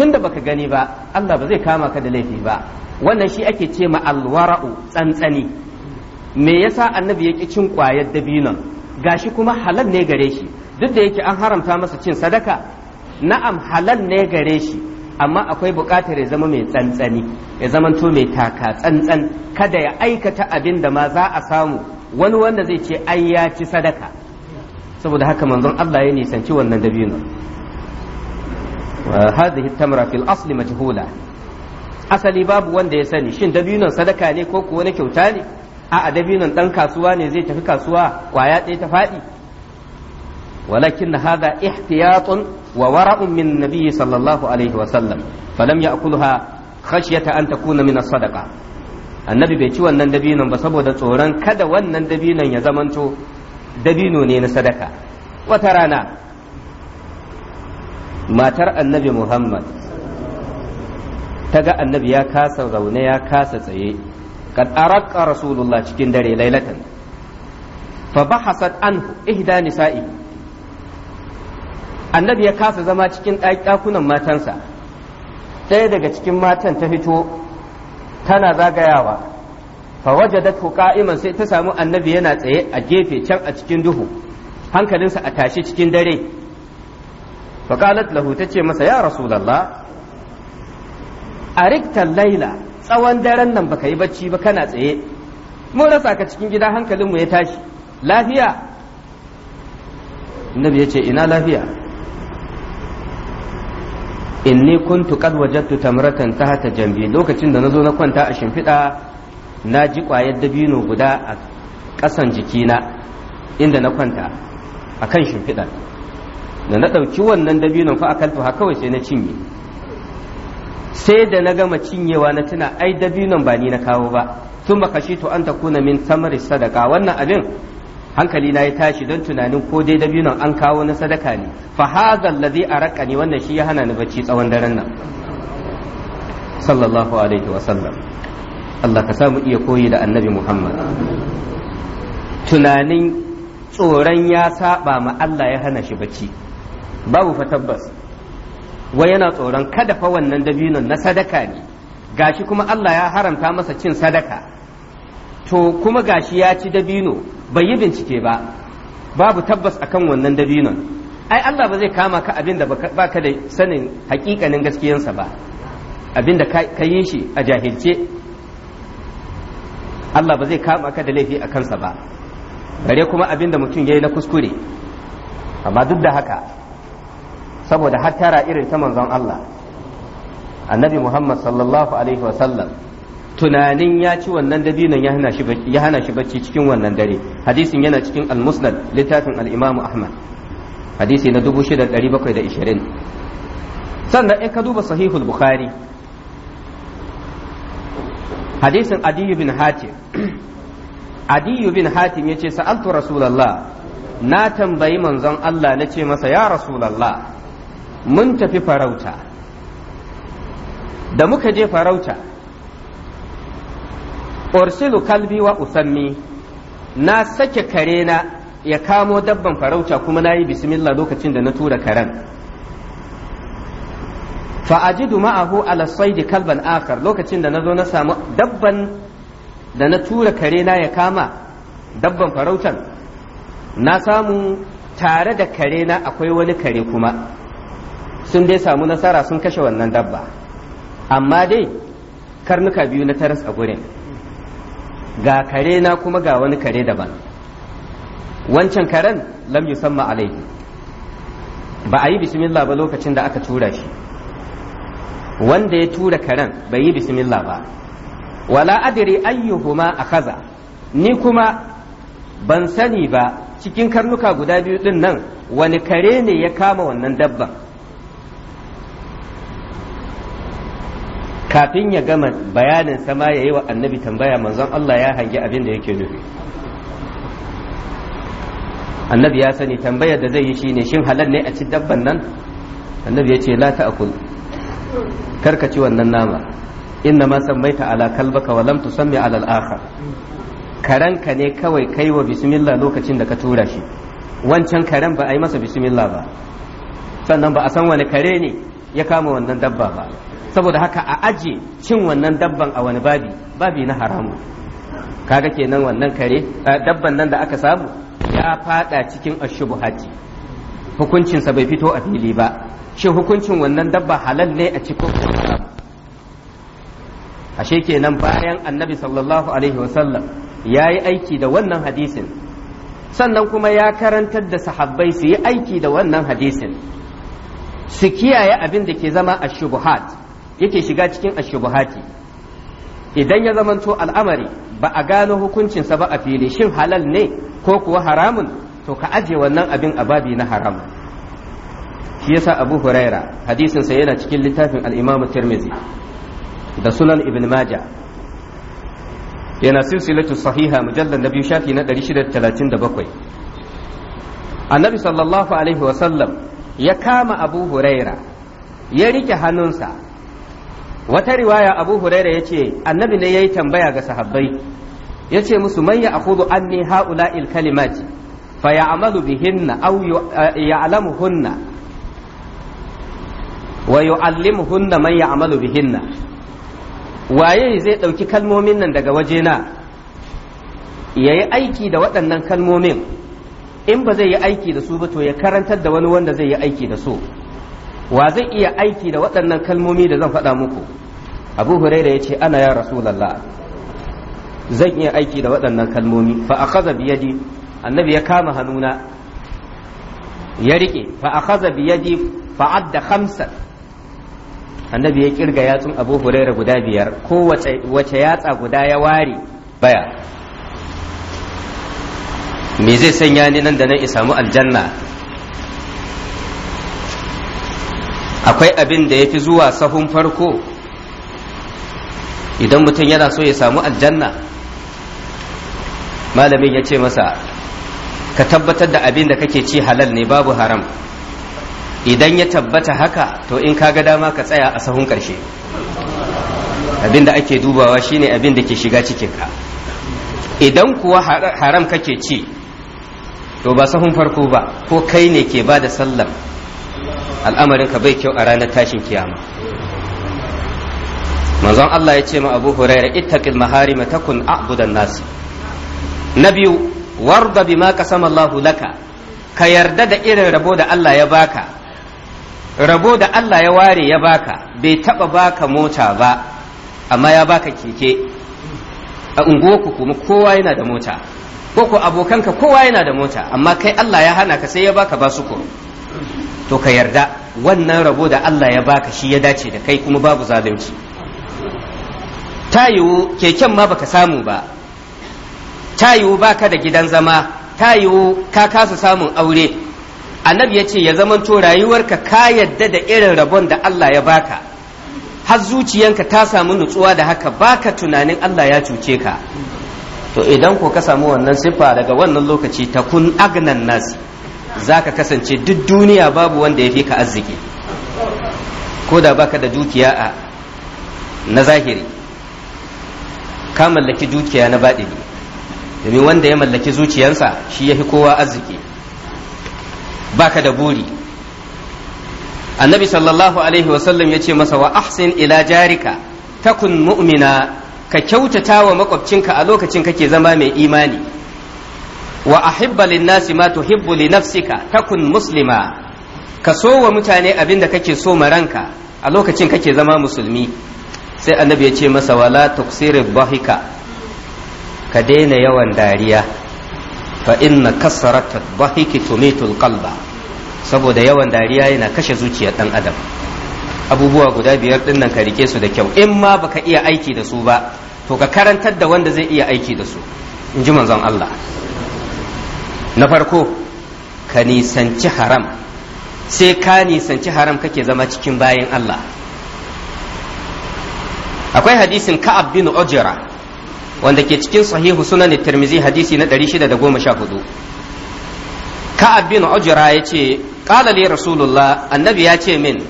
tunda baka gani ba Allah ba zai kama ka da laifi ba wannan shi ake ce ma alwara'u tsantsani me yasa annabi ya ki cin kwayar dabinon gashi kuma halal ne gare shi duk da yake an haramta masa cin sadaka na'am halal ne gare shi amma akwai buƙatar ya zama mai tsantsani ya zama zamanto mai taka tsantsan kada ya aikata abin da ma za a samu wani wanda zai ce ai ya ci sadaka saboda haka manzon Allah ya nisanci wannan dabinon Eh, hadhihi tamra fil asli majhula asali babu wanda ya sani shin dabinon sadaka ne ko kuwa na kyauta ne a'a dabinon dan kasuwa ne zai tafi kasuwa kwaya ɗaya ta faɗi ولكن هذا احتياط وورع من النبي صلى الله عليه وسلم فلم يأكلها خشية أن min من الصدقة annabi bai ci wannan dabinon ba saboda tsoron kada wannan dabinon ya zamanto dabino ne na sadaka wata rana matar annabi muhammad ta ga annabi ya kasa zaune ya kasa tsaye kad araka rasulullah cikin dare lailatan fa bahasat anhu ihda nisa'i annabi ya kasa zama cikin ɗakunan matansa ɗaya daga cikin matan ta fito tana zagayawa fa wajadat qa'iman sai ta samu annabi yana tsaye a gefe can a cikin duhu hankalinsa a tashi cikin dare fa qalat ta ce masa ya a arikta laila tsawon daren nan baka yi bacci ba kana tsaye mun rasa ka cikin gida hankalinmu ya tashi lafiya annabi ya ce ina lafiya inni kuntu qad wajadtu tamratan tahta jambi lokacin da nazo na kwanta a shimfiɗa na ji ƙwayar dabino guda a ƙasan jikina inda na kwanta a kan da na ɗauki wannan dabinon fa akaltu ha kawai sai na cinye sai da na gama cinyewa na tuna ai dabinon ba ni na kawo ba sun kashi to an takuna min samari sadaka wannan abin hankali na ya tashi don tunanin ko dai dabinon an kawo na sadaka ne fa a alladhi ne wannan shi ya hana ni bacci tsawon daren nan sallallahu alaihi wa sallam Allah ka samu iya koyi da annabi Muhammad tunanin tsoron ya saba ma Allah ya hana shi bacci babu fa tabbas wai yana tsoron kada fa wannan dabinon na sadaka ne gashi kuma Allah ya haramta masa cin sadaka to kuma gashi ya ci dabino bai yi bincike ba babu tabbas akan wannan dabinon ai Allah ba zai kama ka abinda ba ka da sanin hakikanin gaskiyansa ba Abinda ka yi shi a jahilce Allah ba zai kama ka da laifi a kansa ba bare kuma abinda mutum ya yi na kuskure amma duk da haka saboda tara irin ta manzon Allah annabi Muhammad sallallahu alaihi sallam tunanin ya ci wannan dabinan ya hana shi bacci cikin wannan dare hadisin yana cikin al-musnad littafin al-imam Ahmad hadisi na 6720 sannan in ka duba sahihul bukhari hadisin adiyu bin hatim <clears throat> adiyu bin hatim ya ce sa'altu rasulallah na tambayi manzon Allah na ce masa ya rasulallah mun tafi farauta da muka je farauta orsilu kalbi wa usammi na sake kare na ya kamo dabban farauta kuma na yi bismillah lokacin da na tura karen fa'ajidu ma'ahu ala saidi kalban akar lokacin da na zo na samu dabban da na tura kare na ya kama dabban farautan na samu tare da kare na akwai wani kare kuma sun dai samu nasara sun kashe wannan dabba amma dai karnuka biyu na taras a gurin ga kare na kuma ga wani kare daban wancan karen lam yusamma alaihi ba a yi bismillah ba lokacin da aka tura shi wanda ya tura karen bai yi bismillah ba wala ma a kaza ni kuma ban sani ba cikin karnuka guda biyu din nan wani kare ne ya kama wannan dabban kafin ya gama bayanin sama ya yi wa annabi tambaya manzon Allah ya hangi abin da yake nufi annabi ya sani tambayar da zai yi shi ne shin halal ne a ci dabban nan annabi ya ce la akul karka ci wannan nama inna ma sammaita ala kalbaka wa lam tusammi ala al-akhar karanka ne kawai kai wa bismillah lokacin da ka tura shi wancan karen ba a yi masa bismillah ba sannan ba a san wani kare ne ya kama wannan dabba ba saboda haka a aje cin wannan dabban a wani babi babi na haramu kaga kenan wannan kare eh, dabban nan da aka samu ya fada cikin ashubuhati hukuncinsa bai fito a fili ba shi hukuncin wannan dabba halal ne a cikin ashe kenan bayan annabi sallallahu alaihi wasallam ya yi aiki da wannan hadisin sannan kuma ya karantar da sahabbai su yi aiki da wannan hadisin su kiyaye abin da ke zama ashubuhat yake shiga cikin ashubuhati idan ya zamanto al'amari ba a gano hukuncinsa ba a fili shin halal ne ko kuwa haramun to ka aje wannan abin a babi na haram shi yasa abu huraira hadisinsa yana cikin littafin al'imamu tirmizi da sunan ibn maja yana silsilatu sahiha mujallar na biyu shafi na 637 annabi sallallahu alaihi wasallam ya kama abu huraira ya rike hannunsa wata riwaya abu huraira ya ce annabi ne ya yi tambaya ga sahabbai ya ce musu man ya akudu anni haula il kalimati fa ya amalu bihinna au eh, ya alamu hunna wa yu'allimu hunna man ya amalu bihinna waye zai ɗauki kalmomin nan daga wajena ya yi aiki da waɗannan kalmomin in ba zai yi aiki da su ba to ya karantar da wani wanda zai yi aiki da su wa zai iya aiki da waɗannan kalmomi da zan faɗa muku abu huraira ya ce ana ya rasulallah zan iya aiki da waɗannan kalmomi fa a akhadha biyadi annabi ya kama hannuna ya riƙe fa a akhadha biyadi fa adda khamsan annabi ya ƙirga yatsun abu huraira guda biyar ko wace yatsa guda ya ware baya me zai sanya ni nan da nan in samu aljanna akwai abin da ya fi zuwa sahun farko idan mutum yana so ya samu aljanna malamin ya ce masa ka tabbatar da abin da kake ci halal ne babu haram idan ya tabbata haka to in ka ga dama ka tsaya a sahun karshe abin da ake dubawa shine abin da ke shiga cikinka idan kuwa haram kake ci to ba sahun farko ba ko kai ne ke ba da sallam al'amarin ka bai kyau a ranar tashin kiyama manzon Allah ya ce ma Abu Huraira ittaqil maharima takun a'budan nas na biyu warda bima qasama Allahu laka ka yarda da irin rabo da Allah ya baka rabo da Allah ya ware ya baka bai taba baka mota ba amma ya baka keke a unguwarku kuma kowa yana da mota ko ku abokanka kowa yana da mota amma kai Allah ya hana ka sai ya baka basu to ka yarda wannan rabo da Allah ya baka shi ya dace da kai kuma babu zalunci ta yiwu keken ma baka samu ba ta yiwu baka da gidan zama ta yiwu ka kasa samun aure annabi ya ce ya zamanto rayuwarka ka yadda da irin rabon da Allah ya baka har zuciyanka ta samu nutsuwa da haka baka tunanin Allah ya cuce ka to idan ko ka samu wannan siffa daga wannan lokaci ta kun agnan nasi za ka kasance duk duniya babu wanda ya fi ka arziki ko da baka da dukiya a na zahiri ka mallaki dukiya na baɗini domin wanda ya mallaki zuciyarsa shi ya fi kowa arziki baka da buri annabi sallallahu alaihi wasallam ya ce masa wa ahsin ila jarika takun mu'mina ka kyautata wa makwabcinka a lokacin kake zama mai imani wa ahibba linnasi ma tuhibbu li nafsika takun muslima ka so wa mutane abinda kake so ma ranka a lokacin kake zama musulmi sai annabi ya ce masa wala tuksirib bahika ka daina yawan dariya fa inna kasarata bahiki tumitul qalba saboda yawan dariya yana kashe zuciyar dan adam abubuwa guda biyar din ka rike su da kyau in ma baka iya aiki da su ba to ka karantar da wanda zai iya aiki da su in ji manzon Allah na farko ka nisanci haram sai ka nisanci haram kake zama cikin bayan Allah akwai hadisin ka'ab bin ujra wanda ke cikin sahihu sunan tirmizi hadisi na 614 ka'ab bin ujra yace qala li rasulullah annabi ya ce min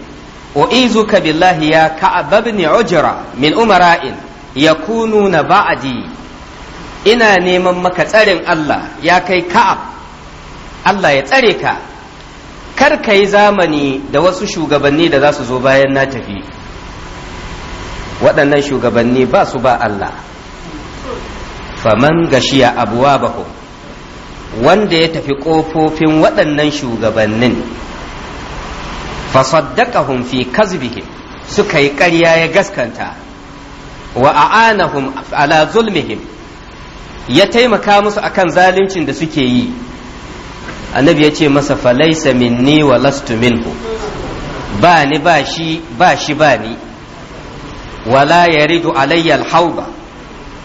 u'izuka billahi ya ka'ab bin ujra min umara'in na ba'adi ina neman maka tsarin Allah ya kai ka'ab Allah ya tsare ka kar ka yi zamani da wasu shugabanni da za su zo bayan na tafi waɗannan shugabanni ba su ba Allah faman gashiya abuwa bako wanda ya tafi ƙofofin waɗannan shugabannin fasaddaqahum fi kazbihim suka yi ƙarya ya gaskanta wa a'anahum ala zulmihim ya taimaka musu akan zaluncin da suke yi annabi ya ce masa falaisa minni wa lastu minhu ba ni ba shi ba shi ba ni wala yaridu alayya alhauba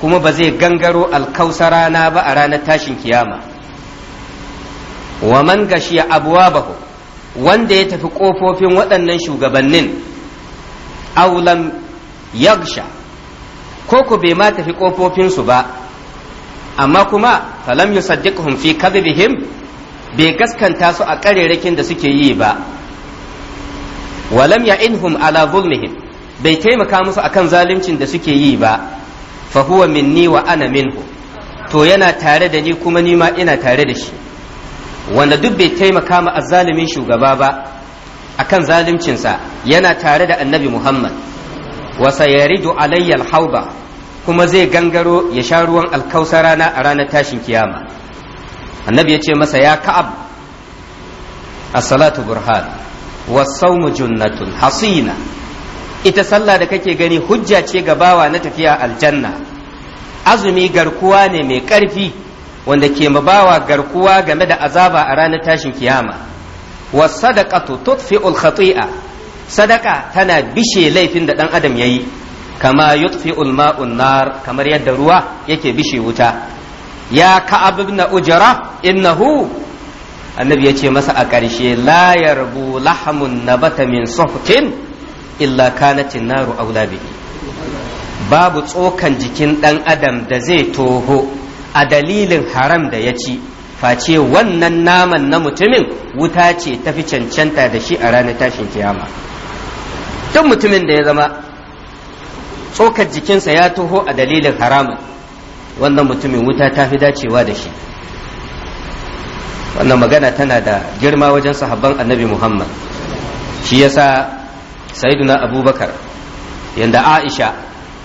kuma ba zai gangaro rana ba a ranar tashin kiyama wa man gashiya abwabahu wanda ya tafi kofofin waɗannan shugabannin aulam yagsha ko ku bai ma tafi kofofinsu ba amma kuma falam yusaddiquhum fi kadhibihim bai gaskanta su a ƙarerakin da suke yi ba walam ya'inhum ala zulmihim bai taimaka musu akan zaluncin da suke yi ba fa huwa minni wa ana minhu to yana tare da ni kuma ni ma ina tare da shi wanda duk bai taimaka ma azzalumin shugaba ba akan zaluncinsa yana tare da annabi Muhammad wa sayaridu alayya hauba kuma zai gangaro ya sha ruwan alkausarana a ranar tashin kiyama annabi ya ce masa ya ka'ab A salatu burhan was junnatun hasina ita sallah da kake gani hujja ce ga bawa na tafiya aljanna azumi garkuwa ne mai ƙarfi wanda ke mabawa garkuwa game da azaba a ranar tashin kiyama wa sadaqatu tudfi'ul khatia sadaka tana bishe laifin da dan adam yayi kama yutfi'ul maun nar kamar yadda ruwa yake bishe wuta ya ka'ab ibn ujra innahu annabi ya ce masa a ƙarshe la yarbu lahamun na min suhtin illa kanatin naru aula babu tsokan jikin ɗan adam da zai toho a dalilin haram da ya ci face wannan naman na mutumin wuta ce tafi cancanta da shi a ranar tashin kiyama duk mutumin da ya zama tsokar jikinsa ya toho a dalilin haramun wannan mutumin wuta ta fi dacewa da shi wannan magana tana da girma wajen sahabban annabi muhammad shi yasa sayyiduna abubakar yanda aisha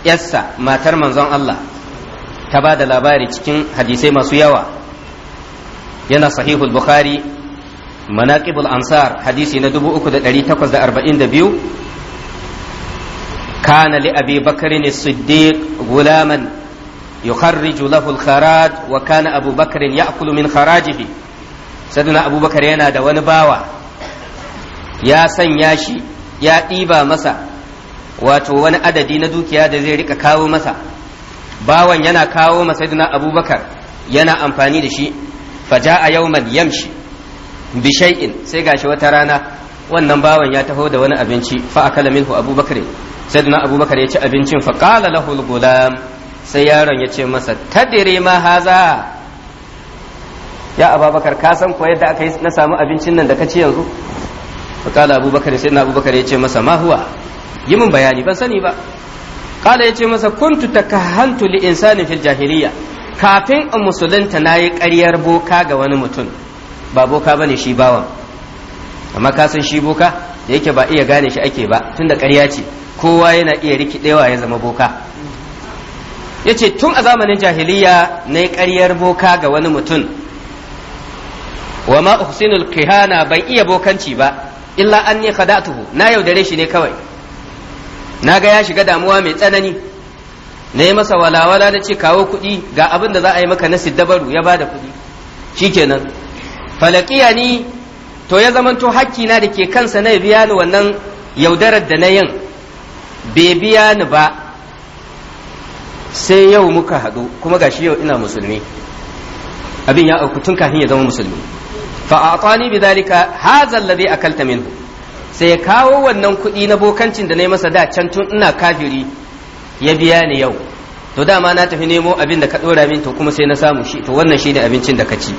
yassa matar manzon allah ta ba da labari cikin hadisai masu yawa yana sahihul bukhari manaqibul ansar hadisi na 3842 kana li abi bakr as-siddiq gulaman yukharriju lahu al-kharaj wa kana Abu Bakr ya'kulu min kharajihi saduna yana da wani bawa ya sanya shi ya ɗiba masa wato wani adadi na dukiya da zai rika kawo masa bawan yana kawo masa saduna Abu Bakar yana amfani da shi faja'a yawman yamshi bi shay'in sai gashi wata rana wannan bawan ya taho da wani abinci fa akala minhu abubakar sayyidina abubakar ya ci abincin fa qala lahu al-gulam sai yaron ya ce masa tadiri ma haza ya ababakar ka san ko yadda aka yi na samu abincin nan da ka ci yanzu fakala abubakar sai na abubakar ya ce masa ma huwa yi min bayani ban sani ba kala ya ce masa kuntu takahantu li insani fil jahiliya kafin in musulunta na yi ƙaryar boka ga wani mutum ba boka ba ne shi bawan amma ka san shi boka da yake ba iya gane shi ake ba tunda ƙarya ce kowa yana iya rikidewa ya zama boka ya ce tun a zamanin jahiliya na ƙaryar boka ga wani mutum wa ma uhsinul kihana bai iya bokanci ba illa an ne khada'tuhu na yaudare shi ne kawai na ga ya shiga damuwa mai tsanani na yi masa walawala na ce kawo kuɗi ga abin da za a yi maka na siddabaru ya bada kuɗi shikenan falakiya ni to ya zamanto hakkina da ke kansa na biya ni wannan yaudarar da na yin bai biya ni ba sai yau muka haɗu kuma gashi yau ina musulmi abin ya auku tun kafin ya zama musulmi fa atani dalika hadha alladhi akalta minhu sai ya kawo wannan kuɗi na bokancin da na yi masa da can tun ina kafiri ya biya ni yau to dama na tafi nemo abin da ka ɗora min to kuma sai na samu shi to wannan shine abincin da ka ci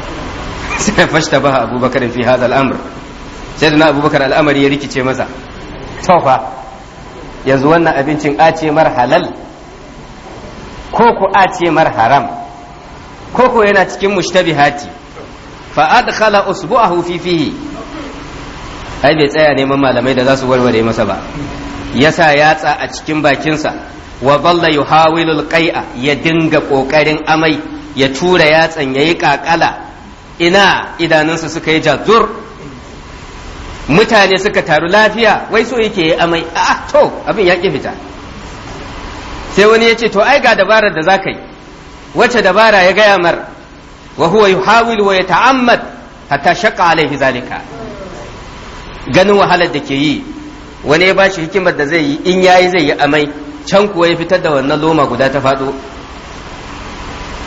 <laughs> sai fashta ba abubakar fi hadha al'amr sai da na abubakar al'amari ya rikice masa to fa yanzu wannan abincin a ce mar halal ko ku a ce mar haram ko ko yana cikin mushtabihati fa adkhala usbu'ahu fi fihi ai bai tsaya neman malamai da za su warware masa ba yasa yatsa a cikin bakinsa wa dalla yuhawilu alqai'a ya dinga kokarin amai ya tura yatsan yayi kakala ina idanunsa suka yi jazur mutane suka taru lafiya wai so yake yi amai a to abin ya ki fita sai wani ya ce to ai ga dabarar da zaka yi wacce dabara ya gaya mar wa huwa yuhawil wa yata'ammad hatta shaqqa alaihi zalika ganin wahalar da ke yi wani ya bashi hikimar da zai yi in yayi zai yi amai can kuwa ya fitar da wannan loma guda ta fado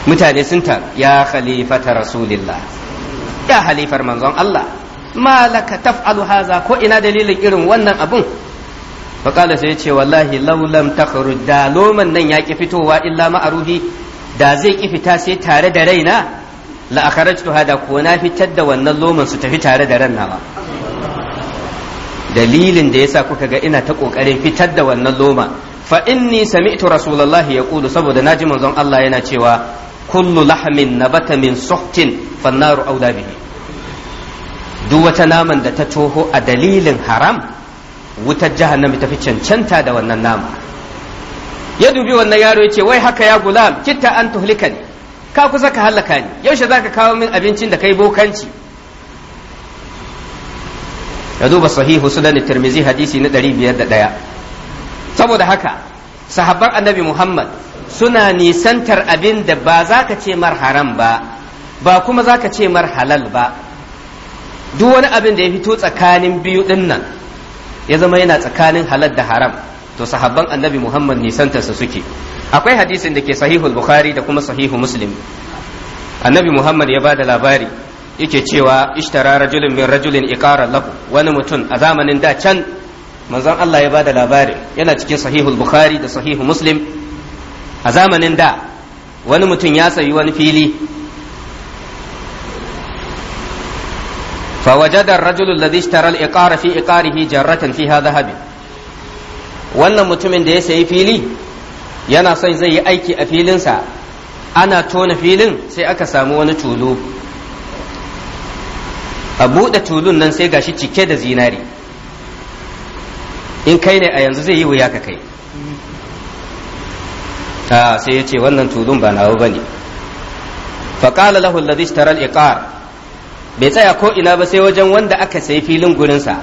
mutane sun ta ya khalifata rasulillah ya halifar manzon Allah malaka taf'alu haza ko ina dalilin irin wannan abun faƙala sai ya ce wallahi laulam takhruj da loman nan ya ki fitowa illa ma'aruhi da zai ki fita sai tare da raina la akharajtuha da ko na fitar da wannan loman su tafi tare da ran nawa dalilin da yasa kuka ga ina ta ƙoƙarin fitar da wannan loma fa inni sami'tu rasulullahi ƙudu saboda naji manzon Allah yana cewa kullu lahmin nabata min suhtin fannaru aula bihi duk wata naman da ta toho a dalilin haram wutar jahannami tafi cancanta da wannan nama ya dubi wannan yaro yace wai haka ya gulam kitta an tuhlika ne ka kusa ka halaka ni yaushe zaka kawo min abincin da kai bokanci ya duba sahihu sunan tirmizi hadisi na 501 saboda haka sahabban annabi muhammad suna nisantar abin da ba za ka ce mar haram ba ba kuma za ka ce mar halal ba duk wani abin da ya fito tsakanin biyu din nan ya zama yana tsakanin halal da haram to sahabban annabi Muhammad nisantarsa suke akwai hadisin da ke sahihul bukhari da kuma sahihu muslim annabi Muhammad ya bada labari yake cewa ishtara rajulun min rajulin iqara lahu wani mutum a zamanin da can manzon Allah ya bada labari yana cikin sahihul bukhari da sahihu muslim a zamanin da wani mutum ya sayi wani fili فوجد الرجل الذي اشترى الإقار في إقاره جرة فيها ذهب wannan mutumin da ya sayi fili yana son zai yi aiki a filinsa ana tona filin sai aka samu wani tulu a buɗe tulun nan sai gashi cike da zinari in kai ne a yanzu zai yi wuya ka kai ah, sai ya ce wannan tulun ba nawa ba ne faƙala lahu alladhi ishtara bai tsaya ko ina ba sai wajen wanda aka sayi filin gurinsa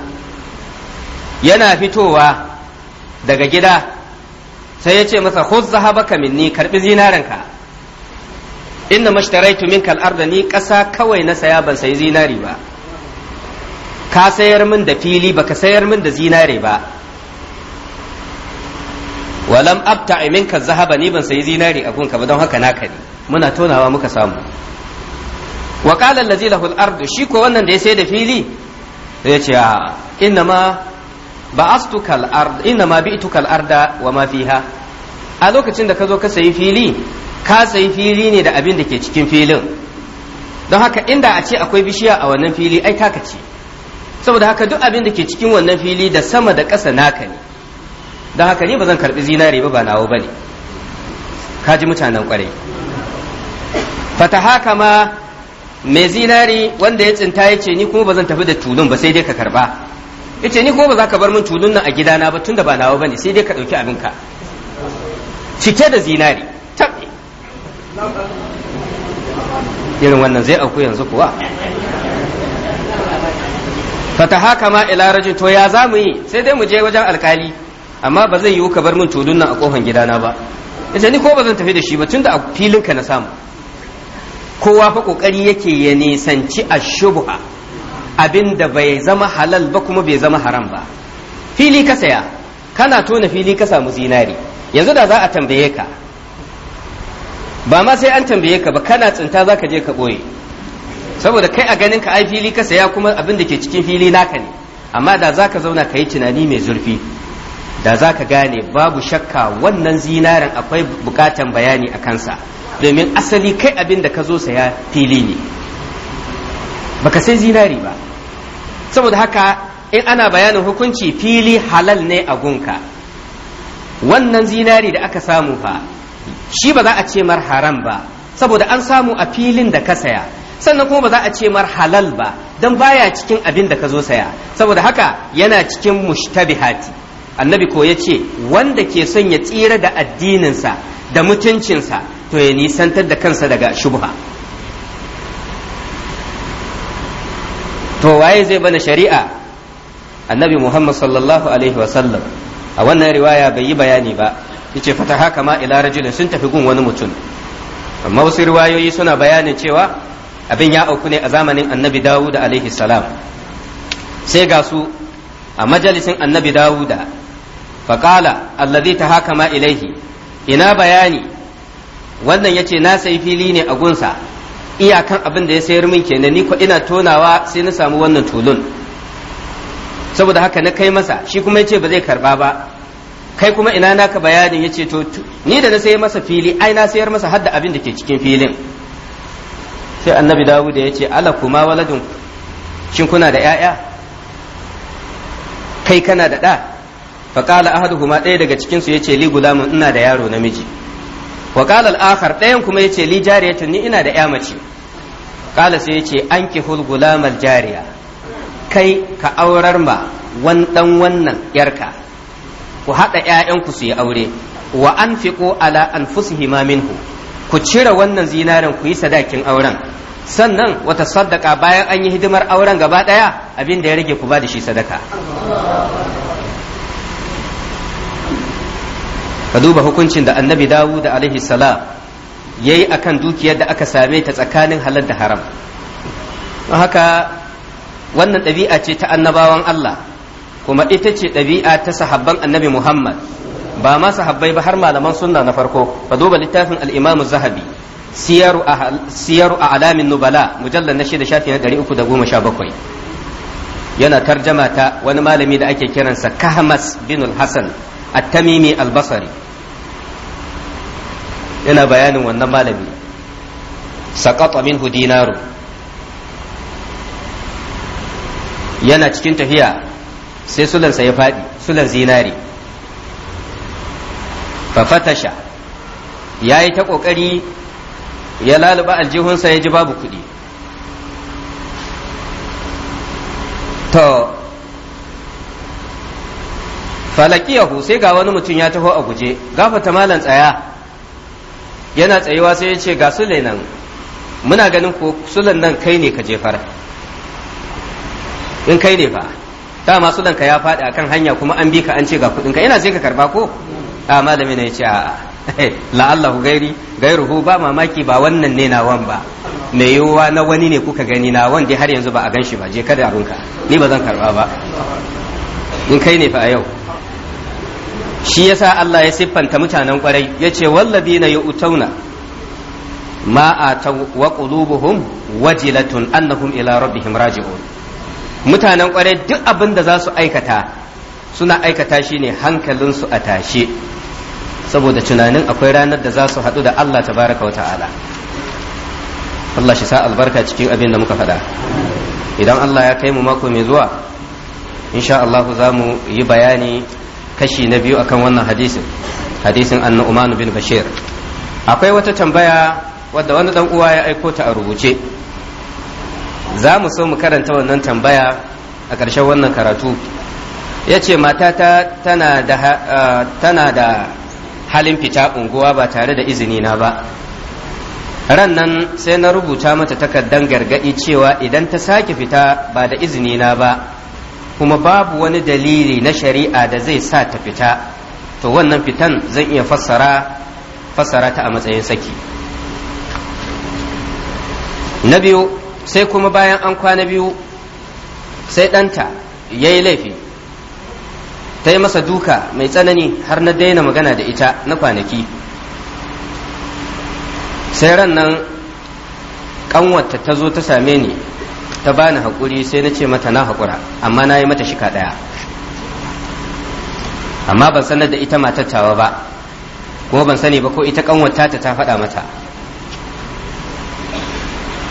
yana fitowa daga gida sai ya ce masa khudh zahabaka minni karbi zinaranka inna mashtaraitu minka al ni ƙasa kawai na saya ban sayi zinari ba ka sayar min da fili baka sayar min da zinare ba walam abta minka zahaba ni ban sayi zinari a ba don haka naka ne muna tonawa muka samu wa qala allazi lahu al-ardu shi ko wannan da ya sai da fili ya ce inna ma ba'astuka al-ard inna ma bi'tuka al-arda wa ma fiha a lokacin da ka zo ka sayi fili ka sayi fili ne da abin da ke cikin filin don haka inda a ce akwai bishiya a wannan fili ai ka ce saboda haka duk abin da ke cikin wannan fili da sama da ƙasa naka ne don haka ni ba zan karɓi zinare ba ba nawo ba ne ka ji mutanen kwarai fata haka mai zinari wanda ya tsinta ya ce ni kuma ba zan tafi da tulun ba sai dai ka karba ya ce ni kuma ba za ka bar min tulun nan a gidana ba tunda ba nawa bane sai dai ka ɗauki abinka cike da zinari taɓe irin wannan zai auku yanzu kuwa fata haka ma ila rajin to ya za mu yi sai dai mu je wajen alkali amma ba zai yiwu ka bar min tulun nan a kofan gidana ba ya ce ni ko ba zan tafi da shi ba tunda a filinka na samu kowa fa kokari yake ya nisanci ashubha abin da bai zama halal ba kuma bai zama haram ba fili ka saya kana tona fili ka samu zinari yanzu da za a tambaye ka ba ma sai an tambaye ka ba kana tsinta za ka je ka ɓoye saboda kai a ganin ka ai fili ka saya kuma abin da ke cikin fili naka ne amma da za ka zauna ka yi tunani mai zurfi da za ka gane babu shakka wannan zinarin akwai bukatan bayani a kansa domin asali kai abin da ka zo saya fili ne baka sai zinari ba saboda haka in ana bayanin hukunci fili halal ne a gunka wannan zinari da aka samu fa shi ba za a ce mar haram ba saboda an samu a filin da ka saya sannan kuma ba za a ce mar halal ba don baya cikin abin da ka zo saya saboda haka yana cikin mushtabihati annabi ko ya ce wanda ke son ya tsira da addininsa da mutuncinsa to ya nisantar da kansa daga shubha to waye zai bana shari'a annabi muhammad sallallahu alaihi wasallam a wannan riwaya bai yi bayani ba yace fata haka ma ila rajulin sun tafi gun wani mutum amma wasu riwayoyi suna bayanin cewa abin ya auku ne a zamanin annabi dawuda alaihi salam sai ga su a majalisin annabi dawuda faƙala allazi ta haka ma ilaihi ina bayani wannan ya ce na sayi fili ne a gunsa iyakan abin da ya sayar min kenan ni ko ina tonawa sai na samu wannan tulun saboda haka na kai masa shi kuma ya ce ba zai karba ba kai kuma ina naka bayanin ya ce to ni da na sayar masa fili ai na sayar masa hadda abin da ke cikin filin sai annabi dawud ya ce ala kuma waladun shin kuna da 'ya'ya kai kana da 'da ɗa faƙala ahaduhuma ɗaya daga cikinsu ya ce li gulamun ina da yaro namiji wa qala akhar dayan kuma yace li jariyatun ni ina da ya mace qala sai yace anki hul gulamal jariya kai ka aurar ma wan dan wannan yarka ku hada ƴaƴanku su yi aure wa anfiqu ala anfusihima minhu ku cire wannan zinarin ku yi sadakin auren sannan wata sadaka bayan an yi hidimar auren gaba ɗaya abinda ya rage ku ba da shi sadaka ka duba hukuncin da annabi dawud alaihi salam ya yi akan dukiyar da aka same ta tsakanin halal da haram haka wannan ɗabi'a ce ta annabawan Allah kuma ita ce ɗabi'a ta sahabban annabi Muhammad ba ma sahabbai ba har malaman sunna na farko ka duba littafin al-Imam Zahabi siyaru a alamin nubala mujallar na shida shafi na 317 yana tarjama ta wani malami da ake kiransa Kahmas bin hassan at-tamimi al-basri yana bayanin wannan malami saqata minhu yana cikin tafiya sai sulansa ya faɗi sulan zinari fafatasha ya yi ta ƙoƙari ya laluba aljihunsa ya ji babu kuɗi falakiyahu sai ga wani mutum ya taho a guje gafata malan tsaya yana tsayuwa sai ya ce ga sule nan muna ganin ko sulan nan kai ne ka jefar in kai ne fa dama sulan ka ya faɗi akan hanya kuma an bi ka an ce ga kudin ka ina sai ka karba ko a malami ne ya ce a'a <laughs> la'allahu gairi gairuhu ba mamaki ba wannan ne wan ba mai yiwuwa na wani ne kuka gani na dai har yanzu ba a gan shi ba je kada abunka ni ba zan karba ba in kai ne fa a yau shi yasa Allah ya siffanta mutanen kwarai ya ce ya yi utauna ma ta wa ƙulubuhun wajilatun annahum ila rabbihim raji'un mutanen kwarai duk abin da za su aikata suna aikata shi ne hankalinsu a tashe saboda tunanin akwai ranar da za su haɗu da Allah Ta baraka wa ta'ala Allah shi sa albarka cikin abin da muka faɗa idan Allah ya kai mu mako mai zuwa insha Allah za mu yi bayani kashi na biyu akan wannan hadisin hadisin annu Umanu bin Bashir akwai wata tambaya wadda wani dan uwa ya aiko ta a rubuce za mu so mu karanta wannan tambaya a ƙarshen wannan karatu ya ce matata tana da, halin fita unguwa ba tare da izini na ba ran nan sai na rubuta mata takardan gargaɗi cewa idan ta sake fita ba da izini na ba kuma babu wani dalili na shari'a da zai sa ta fita to wannan fitan zan iya fassara fassara ta a matsayin saki na biyu sai kuma bayan an kwana biyu sai ɗanta ya yi laifi ta yi masa duka mai tsanani har na daina magana da ita na kwanaki sai ran nan ƙanwata ta zo ta same ni ta bani hakuri sai na ce mata na haƙura amma na yi mata shika ɗaya amma ban sanar da ita tawa ba kuma ban sani ba ko ita kanwata ta ta faɗa mata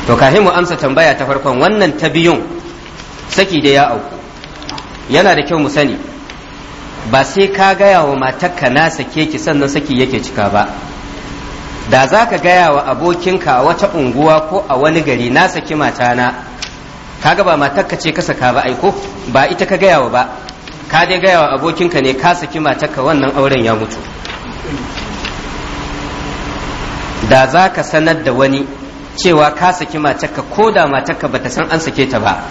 to kafin mu amsa tambaya ta farkon wannan ta biyun saki da ya auku yana da kyau mu sani ba sai ka gaya wa matarka na sake ki sannan saki yake cika ba da za ka gaya wa abokinka a wata unguwa ko a wani gari na saki matana kaga ba matarka ce ka saka ba aiko ba ita ka gaya wa ba ka dai gaya wa abokinka ne ka saki matarka wannan auren ya mutu da za ka sanar da wani cewa ka saki matarka ko da matarka bata san an sake ta ba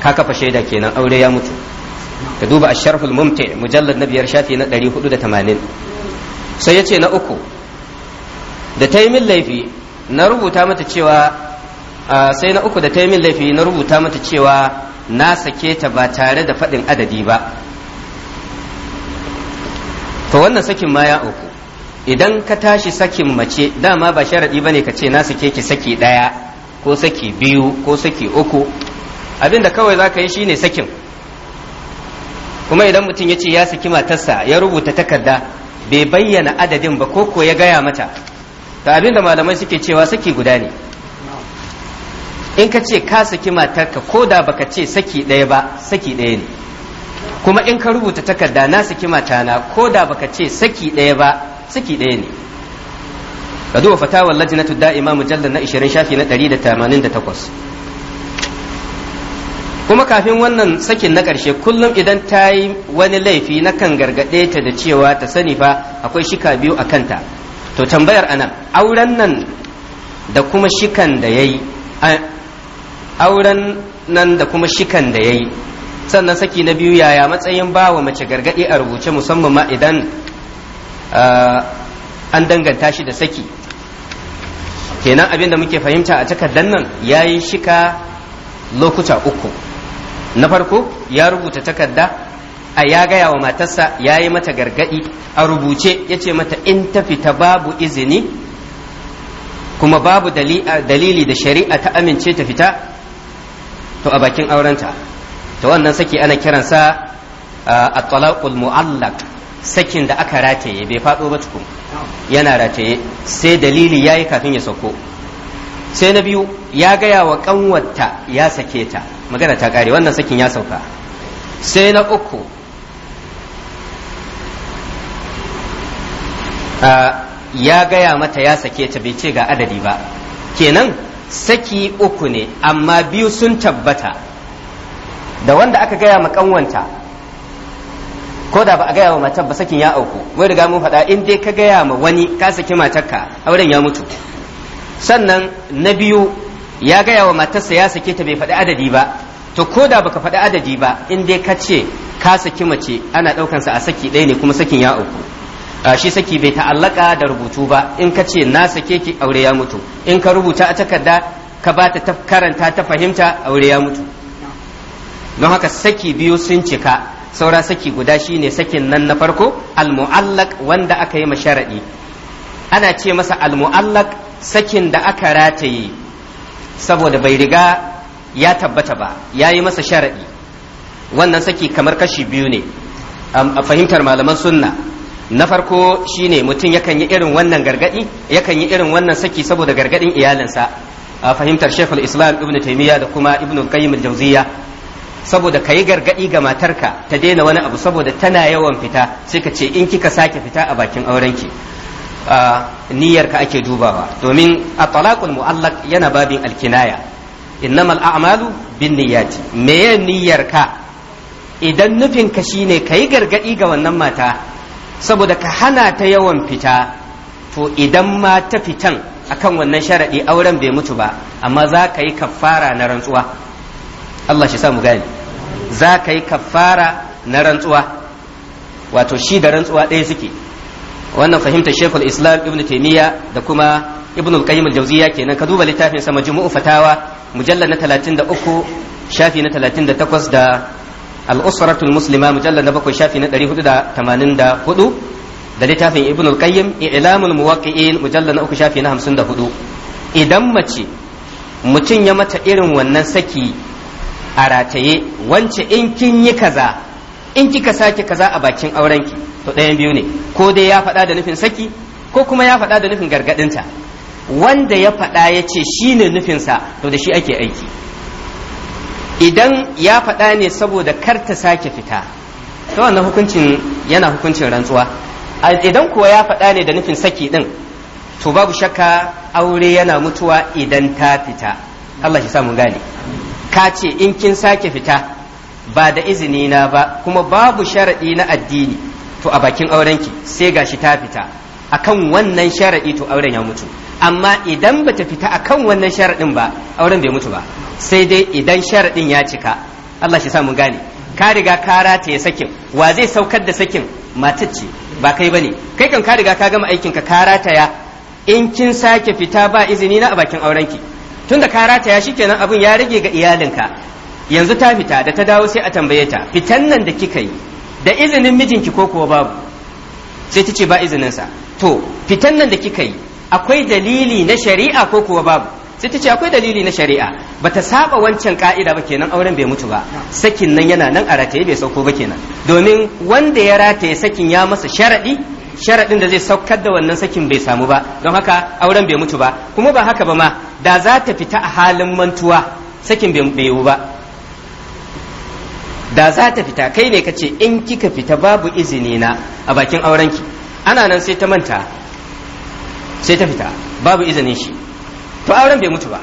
ka kafa shaida kenan aure ya mutu ka duba asharhul mumti mujallad na biyar shafi na 480 sai ya ce na uku da ta yi min laifi na rubuta mata cewa sai na uku da ta yi min laifi na rubuta mata cewa na sake ta ba tare da faɗin adadi ba to wannan sakin ma ya uku idan ka tashi sakin mace dama ba sharaɗi ba ne ka ce na sake ki saki ɗaya ko saki biyu ko saki uku abin da kawai za ka yi shine sakin kuma idan mutum ya ce ya saki matarsa ya rubuta takarda bai bayyana adadin ba ko ko ya gaya mata ta abin malamai suke cewa saki guda ne in ka ce ka saki matarka ko da baka ce saki ɗaya ba saki ɗaya ne kuma in ka rubuta takarda na saki matana ko da baka ce saki ɗaya ba saki ɗaya ne ka duba fatawar lajnatu da'ima mujallal na 20 shafi na 188 kuma kafin wannan sakin na ƙarshe kullum idan ta yi wani laifi na kan gargaɗe ta da cewa ta sani fa akwai shika biyu a kanta to tambayar anan auren nan da kuma shikan da ya yi auren nan da kuma shikan da ya yi sannan saki na biyu yaya matsayin ba wa mace gargaɗi a rubuce musamman ma idan an danganta shi da saki kenan abin da muke fahimta a takardar nan ya yi shika lokuta uku na farko ya rubuta takarda a ya gaya wa matarsa ya yi mata gargaɗi a rubuce ya ce mata in ta fita babu izini kuma babu dalili da shari'a ta amince ta fita to a bakin aurenta to wannan saki ana kiransa a talaqul mu'allaq sakin da aka rataye bai faɗo ba tukun yana rataye sai dalili yayi kafin ya sauko sai na biyu ya gaya wa kanwarta ya sake ta magana ta kare wannan sakin ya sauka sai na uku ya gaya mata ya sake ta bai ce ga adadi ba kenan saki uku ne amma biyu sun tabbata da wanda aka gaya ma kanwanta ko da ba a gaya wa matar ba sakin ya auku mai riga mun faɗa in dai ka gaya ma wani ka saki matarka auren ya mutu sannan na biyu ya gaya wa matarsa ya sake ta bai faɗi adadi ba to ko da baka faɗi adadi ba in dai ka ce ka saki mace ana ɗaukansa a saki ɗaya ne kuma sakin ya auku shi saki bai ta'allaka da rubutu ba in ka ce na sake ki aure ya mutu in ka rubuta a takarda ka ba ta karanta ta fahimta aure ya mutu don haka saki biyu sun cika saura saki guda shi ne sakin nan na farko almu'allak wanda aka yi masharaɗi ana ce masa almu'allak sakin da aka rataye saboda bai riga ya tabbata ba ya yi masa sharaɗi wannan saki kamar kashi biyu ne a fahimtar malaman sunna na farko shine mutum yakan yi irin wannan gargadi yakan yi irin wannan saki saboda gargadin iyalinsa a fahimtar shekul islam ibn taimiyya da kuma ibn qayyim al-jawziyya saboda kayi gargadi ga matarka ta daina wani abu saboda tana yawan fita sai ka ce in kika sake fita a bakin aurenki ka ake dubawa domin a talaqul mu'allaq yana babin alkinaya innamal a'malu bin niyyati niyyar ka idan nufinka shine kayi gargadi ga wannan mata saboda ka hana ta yawan fita to idan ma ta fitan akan wannan sharaɗi auren bai mutu ba amma za ka yi kaffara na rantsuwa Allah shi sa mu gane za ka yi kaffara na rantsuwa wato shi da rantsuwa ɗaya suke wannan fahimtar shekul islam ibn taimiyya da kuma ibn al-qayyim kenan ka duba littafin sa majmu'u fatawa mujallal na 33 shafi na 38 da al-usratul muslima mujallad na bakwai shafi na 484 da littafin ibn al-qayyim i'lamul muwaqqi'in mujallad na uku shafi na 54 idan mace mutum ya mata irin wannan saki a rataye wance in kin yi kaza in kika sake kaza a bakin aurenki to ɗayan biyu ne ko dai ya faɗa da nufin saki ko kuma ya faɗa da nufin gargaɗinta wanda ya faɗa ya ce shi ne nufinsa to da shi ake aiki idan ya faɗa ne saboda kar ta sake fita to wannan hukuncin yana hukuncin rantsuwa idan kuwa ya faɗa ne da nufin saki ɗin to babu shakka aure yana mutuwa idan ta fita Allah shi samu gane ka ce in kin sake fita ba da izini na ba kuma babu sharaɗi na addini to a bakin aurenki sai gashi ta fita akan wannan sharaɗi to auren ya mutu amma idan bata fita a kan wannan sharaɗin ba auren bai mutu ba sai dai idan sharaɗin ya cika Allah shi sa mun gane ka riga ka ya sakin wa zai saukar da sakin matar ce ba kai bane kai kan ka riga ka gama aikin ka ka ya in kin sake fita ba izini na a bakin aurenki tunda ka ya shikenan abun ya rage ga iyalinka yanzu ta fita da ta dawo sai a tambaye ta fitan nan da kika yi da izinin mijinki ko kuwa babu sai ta ce ba izininsa to fitan nan da kika yi akwai dalili na shari'a ko kuwa babu sai ta ce akwai dalili na shari'a ba ta saba wancan ka'ida ba kenan auren bai mutu ba sakin nan yana nan a rataye bai sauko ba kenan domin wanda ya rataye sakin ya masa sharaɗi sharaɗin da zai saukar da wannan sakin bai samu ba don haka auren bai mutu ba kuma ba haka ba ma da za ta fita a halin mantuwa sakin bai yiwu ba da za ta fita kai ne ka ce in kika fita babu izini na a bakin aurenki ana nan sai ta manta sai ta fita babu izinin shi to auren bai mutu ba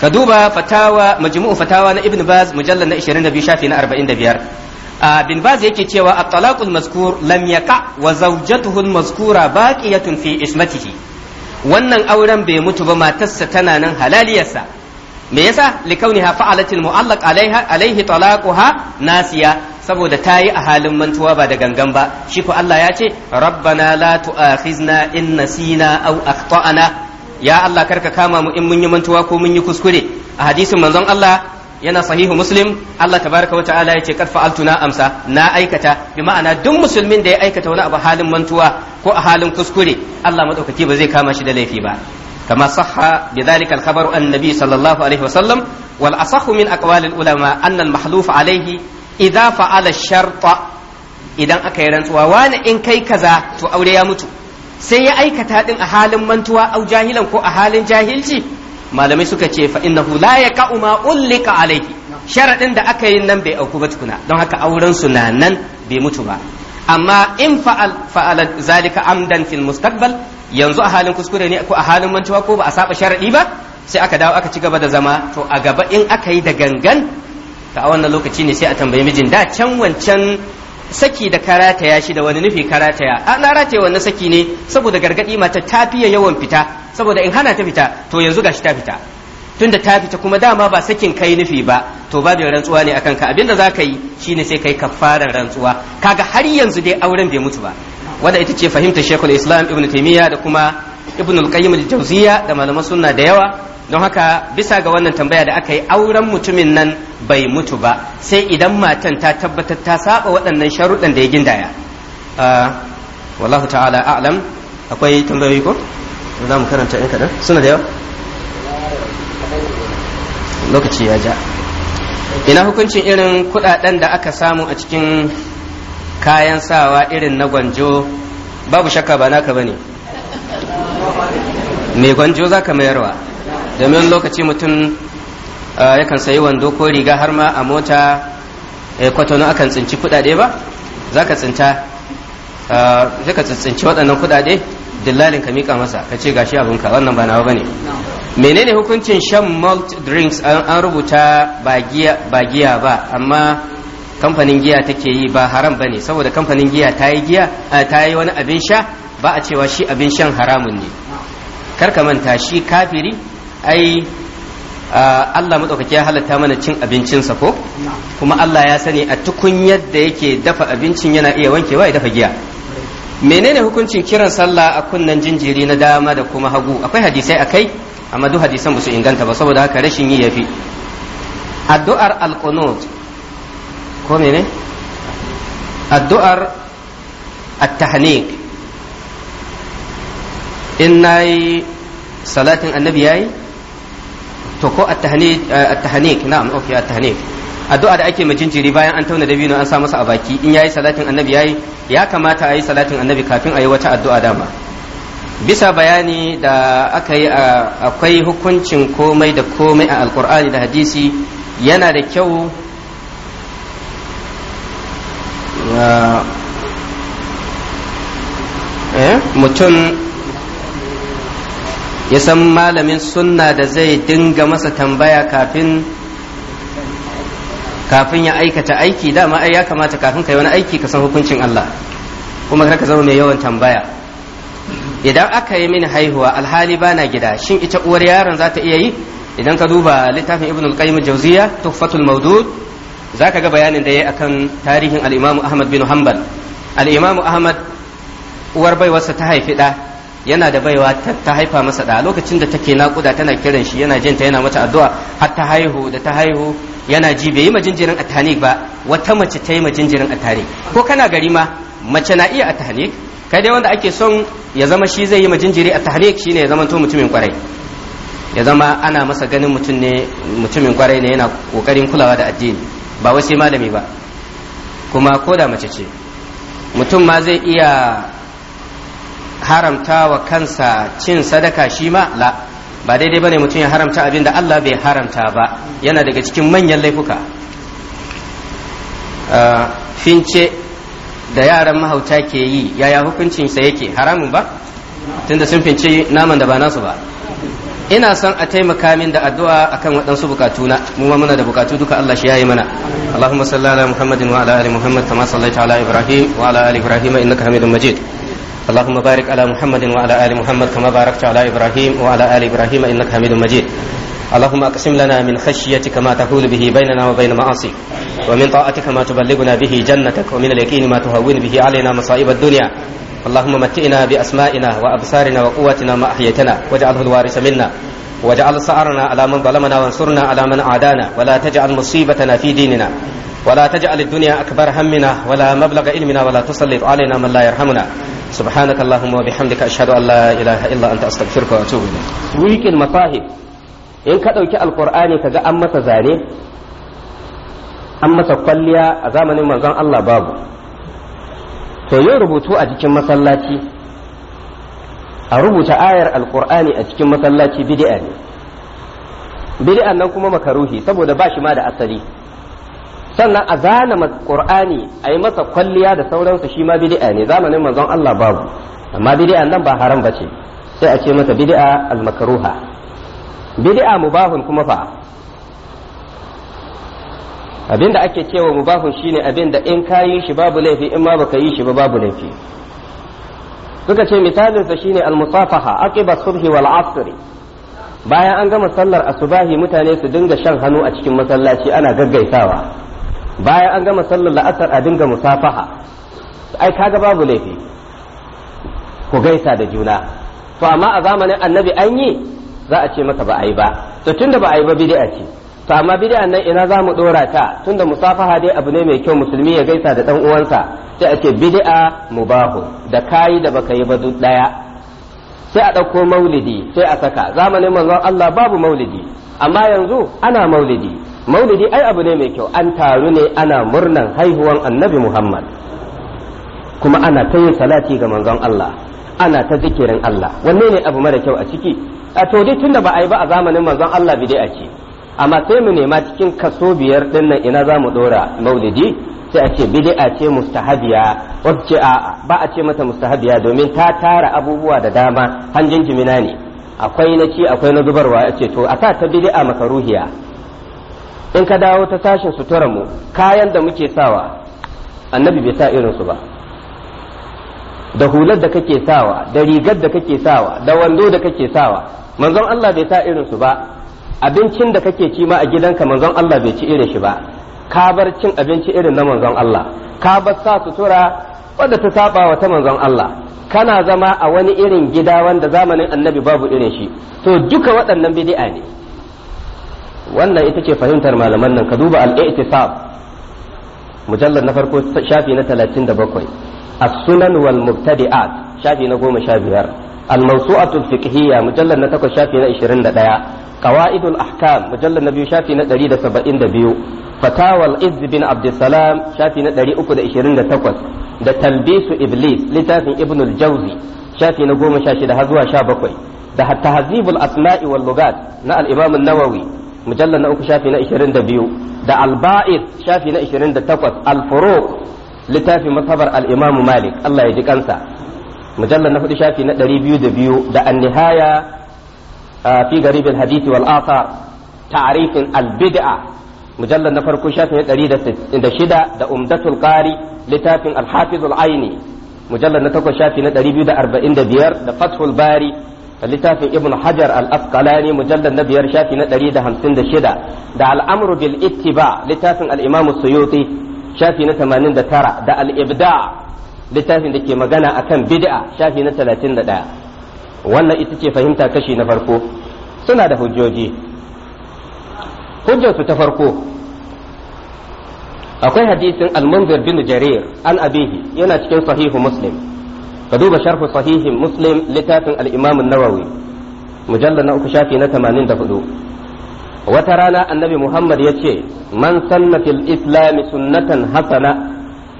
ka duba fatawa majmu'u fatawa na ibn baz mujallal na 22 shafi na 45 a bin baz yake cewa at-talaqul mazkur lam yaqa wa zawjatuhu al-mazkura baqiyatun fi ismatihi wannan auren bai mutu ba matarsa tana nan halaliyarsa me yasa likauniha fa'alatil mu'allaq alaiha alaihi talaquha nasiya saboda ta yi a halin mantuwa ba da gangan ba shi ko Allah ya ce rabbana la tu'akhizna in nasina aw akhtana ya Allah karka kama mu in mun yi mantuwa ko mun yi kuskure a hadisin manzon Allah yana sahihu muslim Allah tabaraka wata'ala ya ce kad fa'altuna amsa na aikata bi ma'ana duk musulmin da ya aikata wani abu halin mantuwa ko a halin kuskure Allah madaukaki ba zai kama shi da laifi ba كما صح بذلك الخبر عن النبي صلى الله عليه وسلم والأصح من أقوال العلماء أن المحلوف عليه idza fa'ala sharta idan aka yi rantsuwa wani in kai kaza to aure ya mutu sai ya aikata din a halin mantuwa au jahilan ko a halin jahilci malamai suka ce fa innahu la yaqa'u ma ullika alayhi sharadin da aka yi nan bai auku ba tukuna don haka auren su na nan bai mutu ba amma in fa'al fa'ala zalika amdan fil mustaqbal yanzu a halin kuskure ne ko a halin mantuwa ko ba a saba sharadi ba sai aka dawo aka ci gaba da zama to a gaba in aka yi da gangan to a wannan lokaci ne sai a tambayi mijin da can wancan saki da karataya shi da wani nufi karataya a na rataya wannan saki ne saboda gargadi mata ta fiye yawan fita saboda in hana ta fita to yanzu gashi ta fita tunda ta fita kuma dama ba sakin kai nufi ba to babu rantsuwa ne akan ka abinda za ka yi shine sai kai kafarar rantsuwa kaga har yanzu dai auren bai mutu ba wanda ita ce fahimtar shekul islam ibn taimiyya da kuma ibn al-qayyim al da malaman sunna da yawa don haka bisa ga wannan tambaya da aka yi auren mutumin nan bai mutu ba sai idan matan ta tabbatar ta saba waɗannan sharuɗan da ya gindaya ah, wallahu ta'ala a'lam akwai tambayoyi ko za mu karanta in kaɗan suna da yawa lokaci ya ja ina hukuncin irin kuɗaɗen da aka samu a cikin kayan sawa irin na gwanjo babu shakka ba naka ba ne? mai gwanjo za ka mayarwa domin lokaci mutum ah, yakan sayi wando ko riga har ma a mota eh, kwatano akan tsinci kudade ba za ka tsinta ah, za ka tsinci waɗannan kudade dillalin ka mika masa ka ce gashi abinka wannan ba nawa bane menene hukuncin shan malt drinks an rubuta ba giya ba amma kamfanin giya take yi ba haram ba ne saboda kamfanin giya ta yi giya ah, ta yi wani abin sha ba a cewa shi abin shan haramun ne kar ka manta shi kafiri ai Allah maɗaukaki ya halatta mana cin abincinsa ko kuma Allah ya sani a tukunyar da yake dafa abincin yana iya wankewa ya dafa giya menene hukuncin kiran sallah a kunnen jinjiri na dama da kuma hagu akwai hadisai akai amma duk hadisan ba su inganta ba saboda haka rashin yi yafi addu'ar alqunut ko menene addu'ar at-tahniq in nayi salatin annabi yayi to ko eh, at-tahnik na'am okay at-tahnik addu'a da ake ma jinjiri bayan an tauna dabino an sa masa a baki in yayi salatin annabi yayi ya kamata a yi salatin annabi kafin a yi wata addu'a dama bisa bayani da aka yi eh, akwai hukuncin komai da komai a alkur'ani da hadisi yana da kyau eh, mutum ya san malamin sunna da zai dinga masa tambaya kafin kafin ya aikata aiki dama ai ya kamata kafin kai wani aiki ka san hukuncin Allah kuma ka zama mai yawan tambaya idan aka yi mini haihuwa alhali bana gida shin ita uwar yaron za ta iya yi idan ka duba littafin ibn al-qayyim jawziya tuhfatul mawdud zaka ga bayanin da yayi akan tarihin al-imam ahmad bin hanbal al-imam ahmad uwar baiwarsa ta haifi da yana da baiwa ta haifa masa da lokacin da take naƙuda tana kiran shi yana ta yana mata addu'a har ta haihu da ta haihu yana ji bai yi ma atanik ba wata mace ta yi ma jinjirin atanik ko kana gari ma mace na iya atanik kai dai wanda ake son ya zama shi zai yi ma jinjiri atanik shine ya zama to mutumin kwarai ya zama ana masa ganin mutum ne mutumin kwarai ne yana kokarin kulawa da addini ba wasi malami ba kuma ko da mace ce mutum ma zai iya haramta wa kansa cin sadaka shi ma la ba daidai bane mutum ya haramta abin da Allah bai haramta ba yana daga cikin manyan laifuka ah, fince da yaran mahauta ke yi yaya hukuncin sa yake haramun ba tunda sun fince naman da ba nasu ba ina son a taimaka min da addu'a akan waɗansu na mu ma muna da bukatu duka Allah shi yayi mana Allahumma salli ala Muhammadin wa ala ali Muhammad kama sallaita ala Ibrahim wa ala ali Ibrahim innaka Hamidum Majid اللهم بارك على محمد وعلى آل محمد كما باركت على إبراهيم وعلى آل إبراهيم إنك حميد مجيد اللهم اقسم لنا من خشيتك ما تحول به بيننا وبين معاصيك ومن طاعتك ما تبلغنا به جنتك ومن اليقين ما تهون به علينا مصائب الدنيا اللهم متئنا بأسمائنا وأبصارنا وقوتنا ما أحيتنا واجعله الوارث منا واجعل سعرنا على من ظلمنا وانصرنا على من عادانا ولا تجعل مصيبتنا في ديننا ولا تجعل الدنيا أكبر همنا ولا مبلغ علمنا ولا تسلط علينا من لا يرحمنا سبحانك اللهم وبحمدك أشهد أن لا إله إلا أنت أستغفرك وأتوب إليك ويك المصاحف إن كدوك القرآن كذا أما تزاني أما تقليا أزامن من زان الله بابو to yin rubutu a jikin masallaci a rubuta ayar alkur'ani a cikin masallaci bid'a ne bid'an nan kuma makaruhi saboda ba shi ma da asali sannan a zana qur'ani a yi masa kwalliya da sauransu shi ma bid'a ne zamanin manzon Allah babu amma bid'a nan ba haram bace sai a ce masa bid'a al-makruha bid'a mubahun kuma fa abinda ake cewa mubahun shine abinda in ka yi shi babu laifi in ma baka yi shi ba babu laifi suka ce misalinsa shine al-musafaha aqiba subhi wal asri bayan an gama sallar asubahi mutane su dinga shan hannu a cikin masallaci ana gaggaisawa bayan an gama sallar la'asar a dinga musafaha ai kaga babu laifi ku gaisa da juna to amma a zamanin annabi an yi za a ce maka ba a yi ba to tunda ba a yi ba bid'a ce to amma bid'a nan ina za mu dora ta tunda musafaha dai abu ne mai kyau musulmi ya gaisa da dan uwansa sai a ce mu mubahu da kayi da baka yi ba duk ɗaya. sai a ɗauko maulidi sai a saka zamanin manzon Allah babu maulidi amma yanzu ana maulidi maulidi ai abu ne mai kyau an taru ne ana murnan haihuwan annabi muhammad kuma ana ta yin salati ga manzon allah ana ta zikirin allah wanne ne abu mara kyau a ciki a to dai tunda ba a yi ba a zamanin manzon allah dai a ce amma sai mu nema cikin kaso biyar din nan ina za mu dora maulidi sai a ce bid'a ce mustahabiya wacce a ba a ce mata mustahabiya domin ta tara abubuwa da dama hanjin jimina ne akwai na ci akwai na zubarwa a ce to a sa ta bid'a makaruhiya in ka dawo ta sashin sutura mu kayan da muke sawa annabi bai sa irinsu ba da hular da kake sawa da rigar da kake sawa da wando da kake sawa manzon Allah bai sa irinsu ba abincin da kake ci ma a gidanka manzon Allah bai ci irin shi ba ka bar cin abinci irin na manzon Allah ka bar sa sutura wadda ta saba wa ta manzon Allah kana zama a wani irin gida wanda zamanin annabi babu irin shi to duka waɗannan bid'a ne wannan ita ce fahimtar malaman nan ka duba al-i'tisab mujallad na farko shafi na 37 as-sunan wal mubtadi'at shafi na 15 al-mawsu'atu fiqhiyya mujallar na 8 shafi na 21 qawaid ahkam mujallar na 2 shafi na 172 fatawa izz bin abd salam shafi na 328 da talbisu iblis littafin ibnul al-jawzi shafi na 16 har zuwa 17 da tahzibul asma'i wal lugat na al-imam an-nawawi mujallar na uku shafi na 22 da alba'id shafi na 28 alfuro littafin masabar al'imamu malik Allah ya ji kansa mujallar na hudu shafi na 202 da annihaya fi garibin hadisi wal asar ta'rifin albid'a mujallar na farko shafin ɗari da shida da umdatul qari littafin alhafizul aini mujallar na takwas shafi na ɗari biyu da arba'in da biyar da fathul bari littafin ibn hajar al-asqalani mujallar na biyar shafi na ɗari da al'amru bil ittiba littafin al-imamu suyuti shafi na tamanin da al-ibda littafin da ke magana akan bid'a shafi na ɗaya. wannan ita ce fahimta kashi na farko suna da hujjoji hujjarsu ta farko akwai hadisin al-munzir bin jarir an abihi yana cikin sahihu muslim ka duba sharhu sahihin muslim littafin al-imam an-nawawi mujallal na uku shafi na 84 wata rana annabi muhammad ya ce man sanna fil islam sunnatan hasana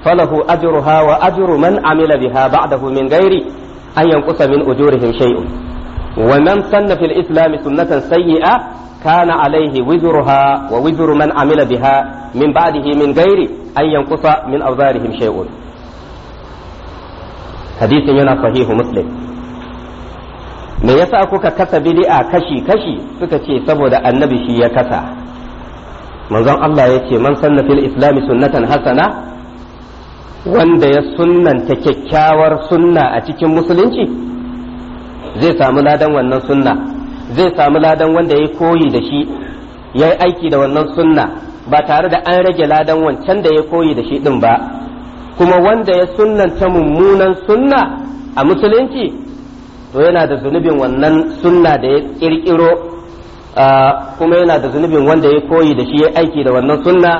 falahu ajruha wa ajru man amila biha ba'dahu min gairi. an yanqusa min ujurihim shay'un wa man sanna fil islam sunnatan sayyi'a كان عليه وزرها ووزر من عمل بها من بعده من غير أن ينقص من أوزارهم شيء hadisin yana sahihu muslim me yasa kuka kasa bid'a kashi kashi suka ce saboda annabi shi ya kasa manzon Allah ya ce man sanna fil islami sunnatan hasana wanda ya sunnanta kyakkyawar sunna a cikin musulunci zai samu ladan wannan sunna zai samu ladan wanda ya koyi da shi ya yi aiki da wannan sunna ba tare da an rage ladan wancan da ya koyi da shi din ba kuma wanda ya sunnanta mummunan sunna a musulunci to yana da zunubin wannan sunna da ya kirkiro kuma yana da zunubin wanda ya koyi da shi ya aiki da wannan sunna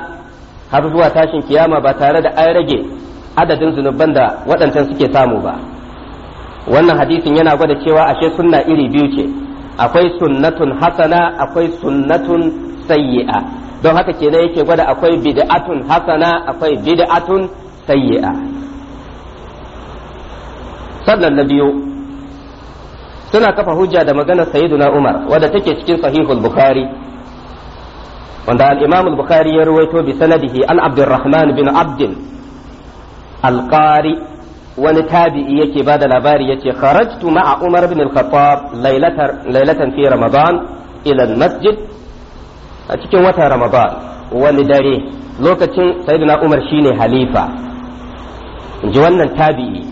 har zuwa tashin kiyama ba tare da an rage adadin zunuban da waɗancan suke samu ba wannan hadisin yana gwada cewa ashe sunna iri biyu ce akwai sunnatun hasana akwai sunnatun sayyi'a don haka kenan yake gwada akwai bid'atun hasana akwai bid'atun sayyi'a sannan na biyu suna kafa hujja da maganar sayyiduna umar wadda take cikin sahihul bukhari wanda al-imam al-bukhari ya ruwaito bi sanadihi an abdurrahman bin abdin al-qari wani tabi'i yake ba da labari yace kharajtu ma'a umar bin al-khattab laylatan fi ramadan ila al-masjid a cikin watan ramadan wani dare lokacin sayyidina umar shine halifa in ji wannan tabi'i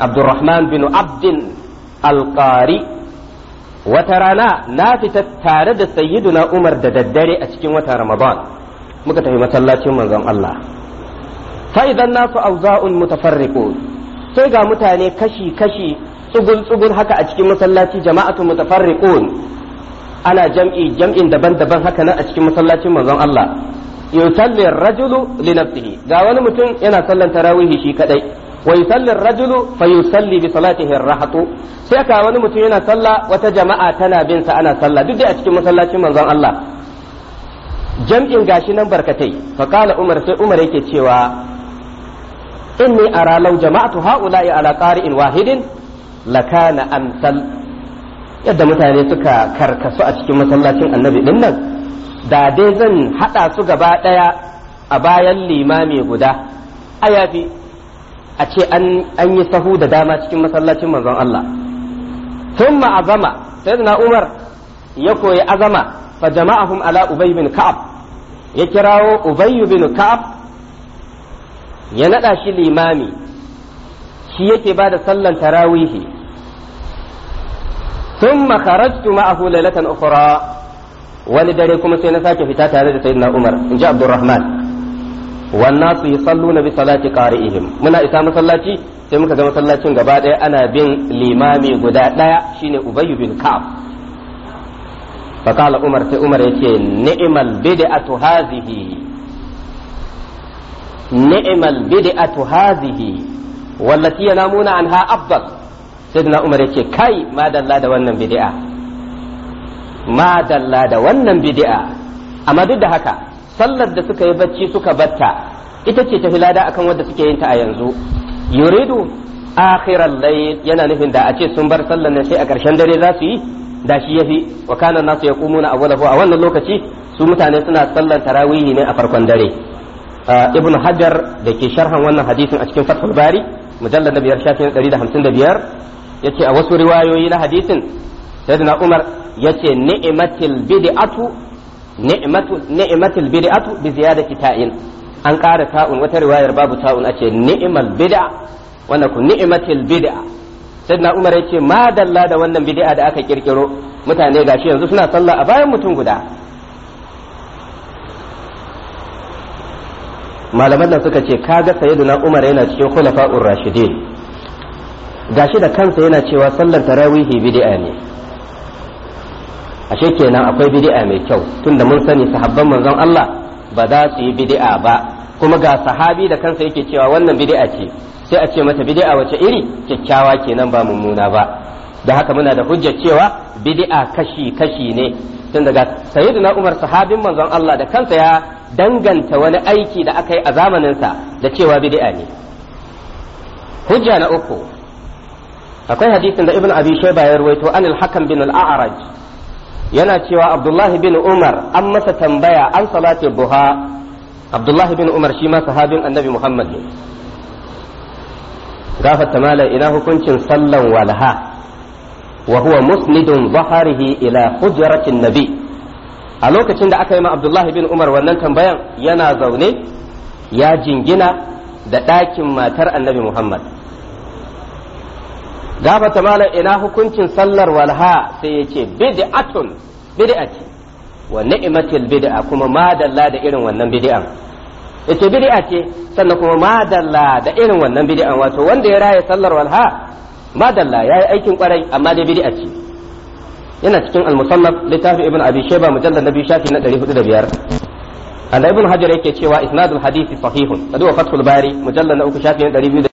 abdurrahman bin abdin alƙari wata rana na fita tare da sayyiduna umar da daddare a cikin wata ramadan muka tafi masallacin manzon Allah fa'idan nasu auza'un mutafarriqu sai ga mutane kashi kashi tsugun tsugun haka a cikin masallaci jama'atu mutafarriqun ana jam'i jam'in daban-daban haka na a cikin masallacin manzon Allah yusalli rajulu li nafsihi ga wani mutum yana sallar tarawihi shi kadai wa yusalli rajulu fa yusalli bi salatihi ar sai ka wani mutum yana sallah wata jama'a tana bin sa ana sallah duk da a cikin masallacin manzon Allah jam'in gashi nan barkatai fa umar sai umar yake cewa inni jama'a law jama'atu ha'ula'i ala in wahidin lakana amsal yadda mutane suka karkasu a cikin masallacin annabi din da dai zan haɗa su gaba ɗaya a bayan limami guda a yafi a ce an yi sahu da dama cikin masallacin manzon Allah tun azama sai umar ya koyi azama fa jama'ahum ala ubay bin ka'ab ya kirawo ubay bin ka'ab ya naɗa shi limami shi yake ba da sallan tarawihi ثم خرجت معه ليلة أخرى wani dare kuma sai na sake fita tare da sayyidina Umar in ji Abdurrahman wan nasu yusalluna bi salati qari'ihim muna isa masallaci sai muka ga masallacin gaba daya ana bin limami guda daya shine Ubay bin Ka'ab fakala Umar sai Umar yace ni'mal bid'atu hadhihi ni'mal bid'atu hadhihi wallati yanamuna anha afdal sayyidina Umar yace kai madalla da wannan bid'a ma dalla da wannan bidi'a amma duk da haka sallar da suka yi bacci suka batta ita ce ta lada akan wanda suke yin ta a yanzu yuridu akhiral layl yana nufin da a ce sun bar sallar ne sai a karshen dare za su yi da shi yafi wa kana nasu yaqumuna awwalahu a wannan lokaci su mutane suna sallar tarawihi ne a farkon dare ah, ibn hajar da ke sharhan wannan hadisin a cikin fathul bari mujallad na biyar shafin 155 yace a wasu riwayoyi na hadisin sayyidina umar yace ni'matil bid'atu ni'matu ni'matil bid'atu bi ziyadati ta'in an ƙara ta'un wata riwayar babu ta'un ace ni'mal bid'a wannan ku ni'matil bid'a sayyidina umar yace ma dalla da wannan bid'a da aka kirkiro mutane gashi yanzu suna sallah a bayan mutum guda malaman nan suka ce kaga sayyidina umar yana cikin khulafa'ur rashidin gashi da kansa yana cewa sallar tarawihi bid'a ne ashe kenan akwai bid'a mai kyau tunda mun sani sahabban manzon Allah ba za su yi bid'a ba kuma ga sahabi da kansa yake cewa wannan bid'a ce sai a ce mata bid'a wace iri kyakkyawa kenan ba mummuna ba da haka muna da hujjar cewa bid'a kashi kashi ne tun daga sayyidina Umar sahabin manzon Allah da kansa ya danganta wani aiki da aka yi a sa da cewa bid'a ne hujja na uku akwai hadisin da ibnu abi shayba ya rawaito anil hakam bin al-a'raj yana cewa abdullahi bin umar an masa tambaya an salate buha abdullahi bin umar shi ma sahabin annabi muhammad ne gafarta malam ina hukuncin sallan walha wa huwa musnidun zaharihi ila hujratin nabi a lokacin da aka yi ma abdullahi bin umar wannan tambayan yana zaune ya jingina da ɗakin matar annabi muhammad gafata malam ina hukuncin sallar walha sai ya ce bid'atun bid'a ce wa ni'matil bid'a kuma madalla da irin wannan bid'an yace bid'a ce sannan kuma madalla da irin wannan bid'an wato wanda ya raye sallar walha madalla yayi aikin kwarai amma dai bid'a ce yana cikin al-musannaf littafin ibn abi shayba mujallad nabi shafi na 405 al ibn hajar yake cewa isnadul hadisi sahihun kadu wa fathul bari mujallar na uku shafi na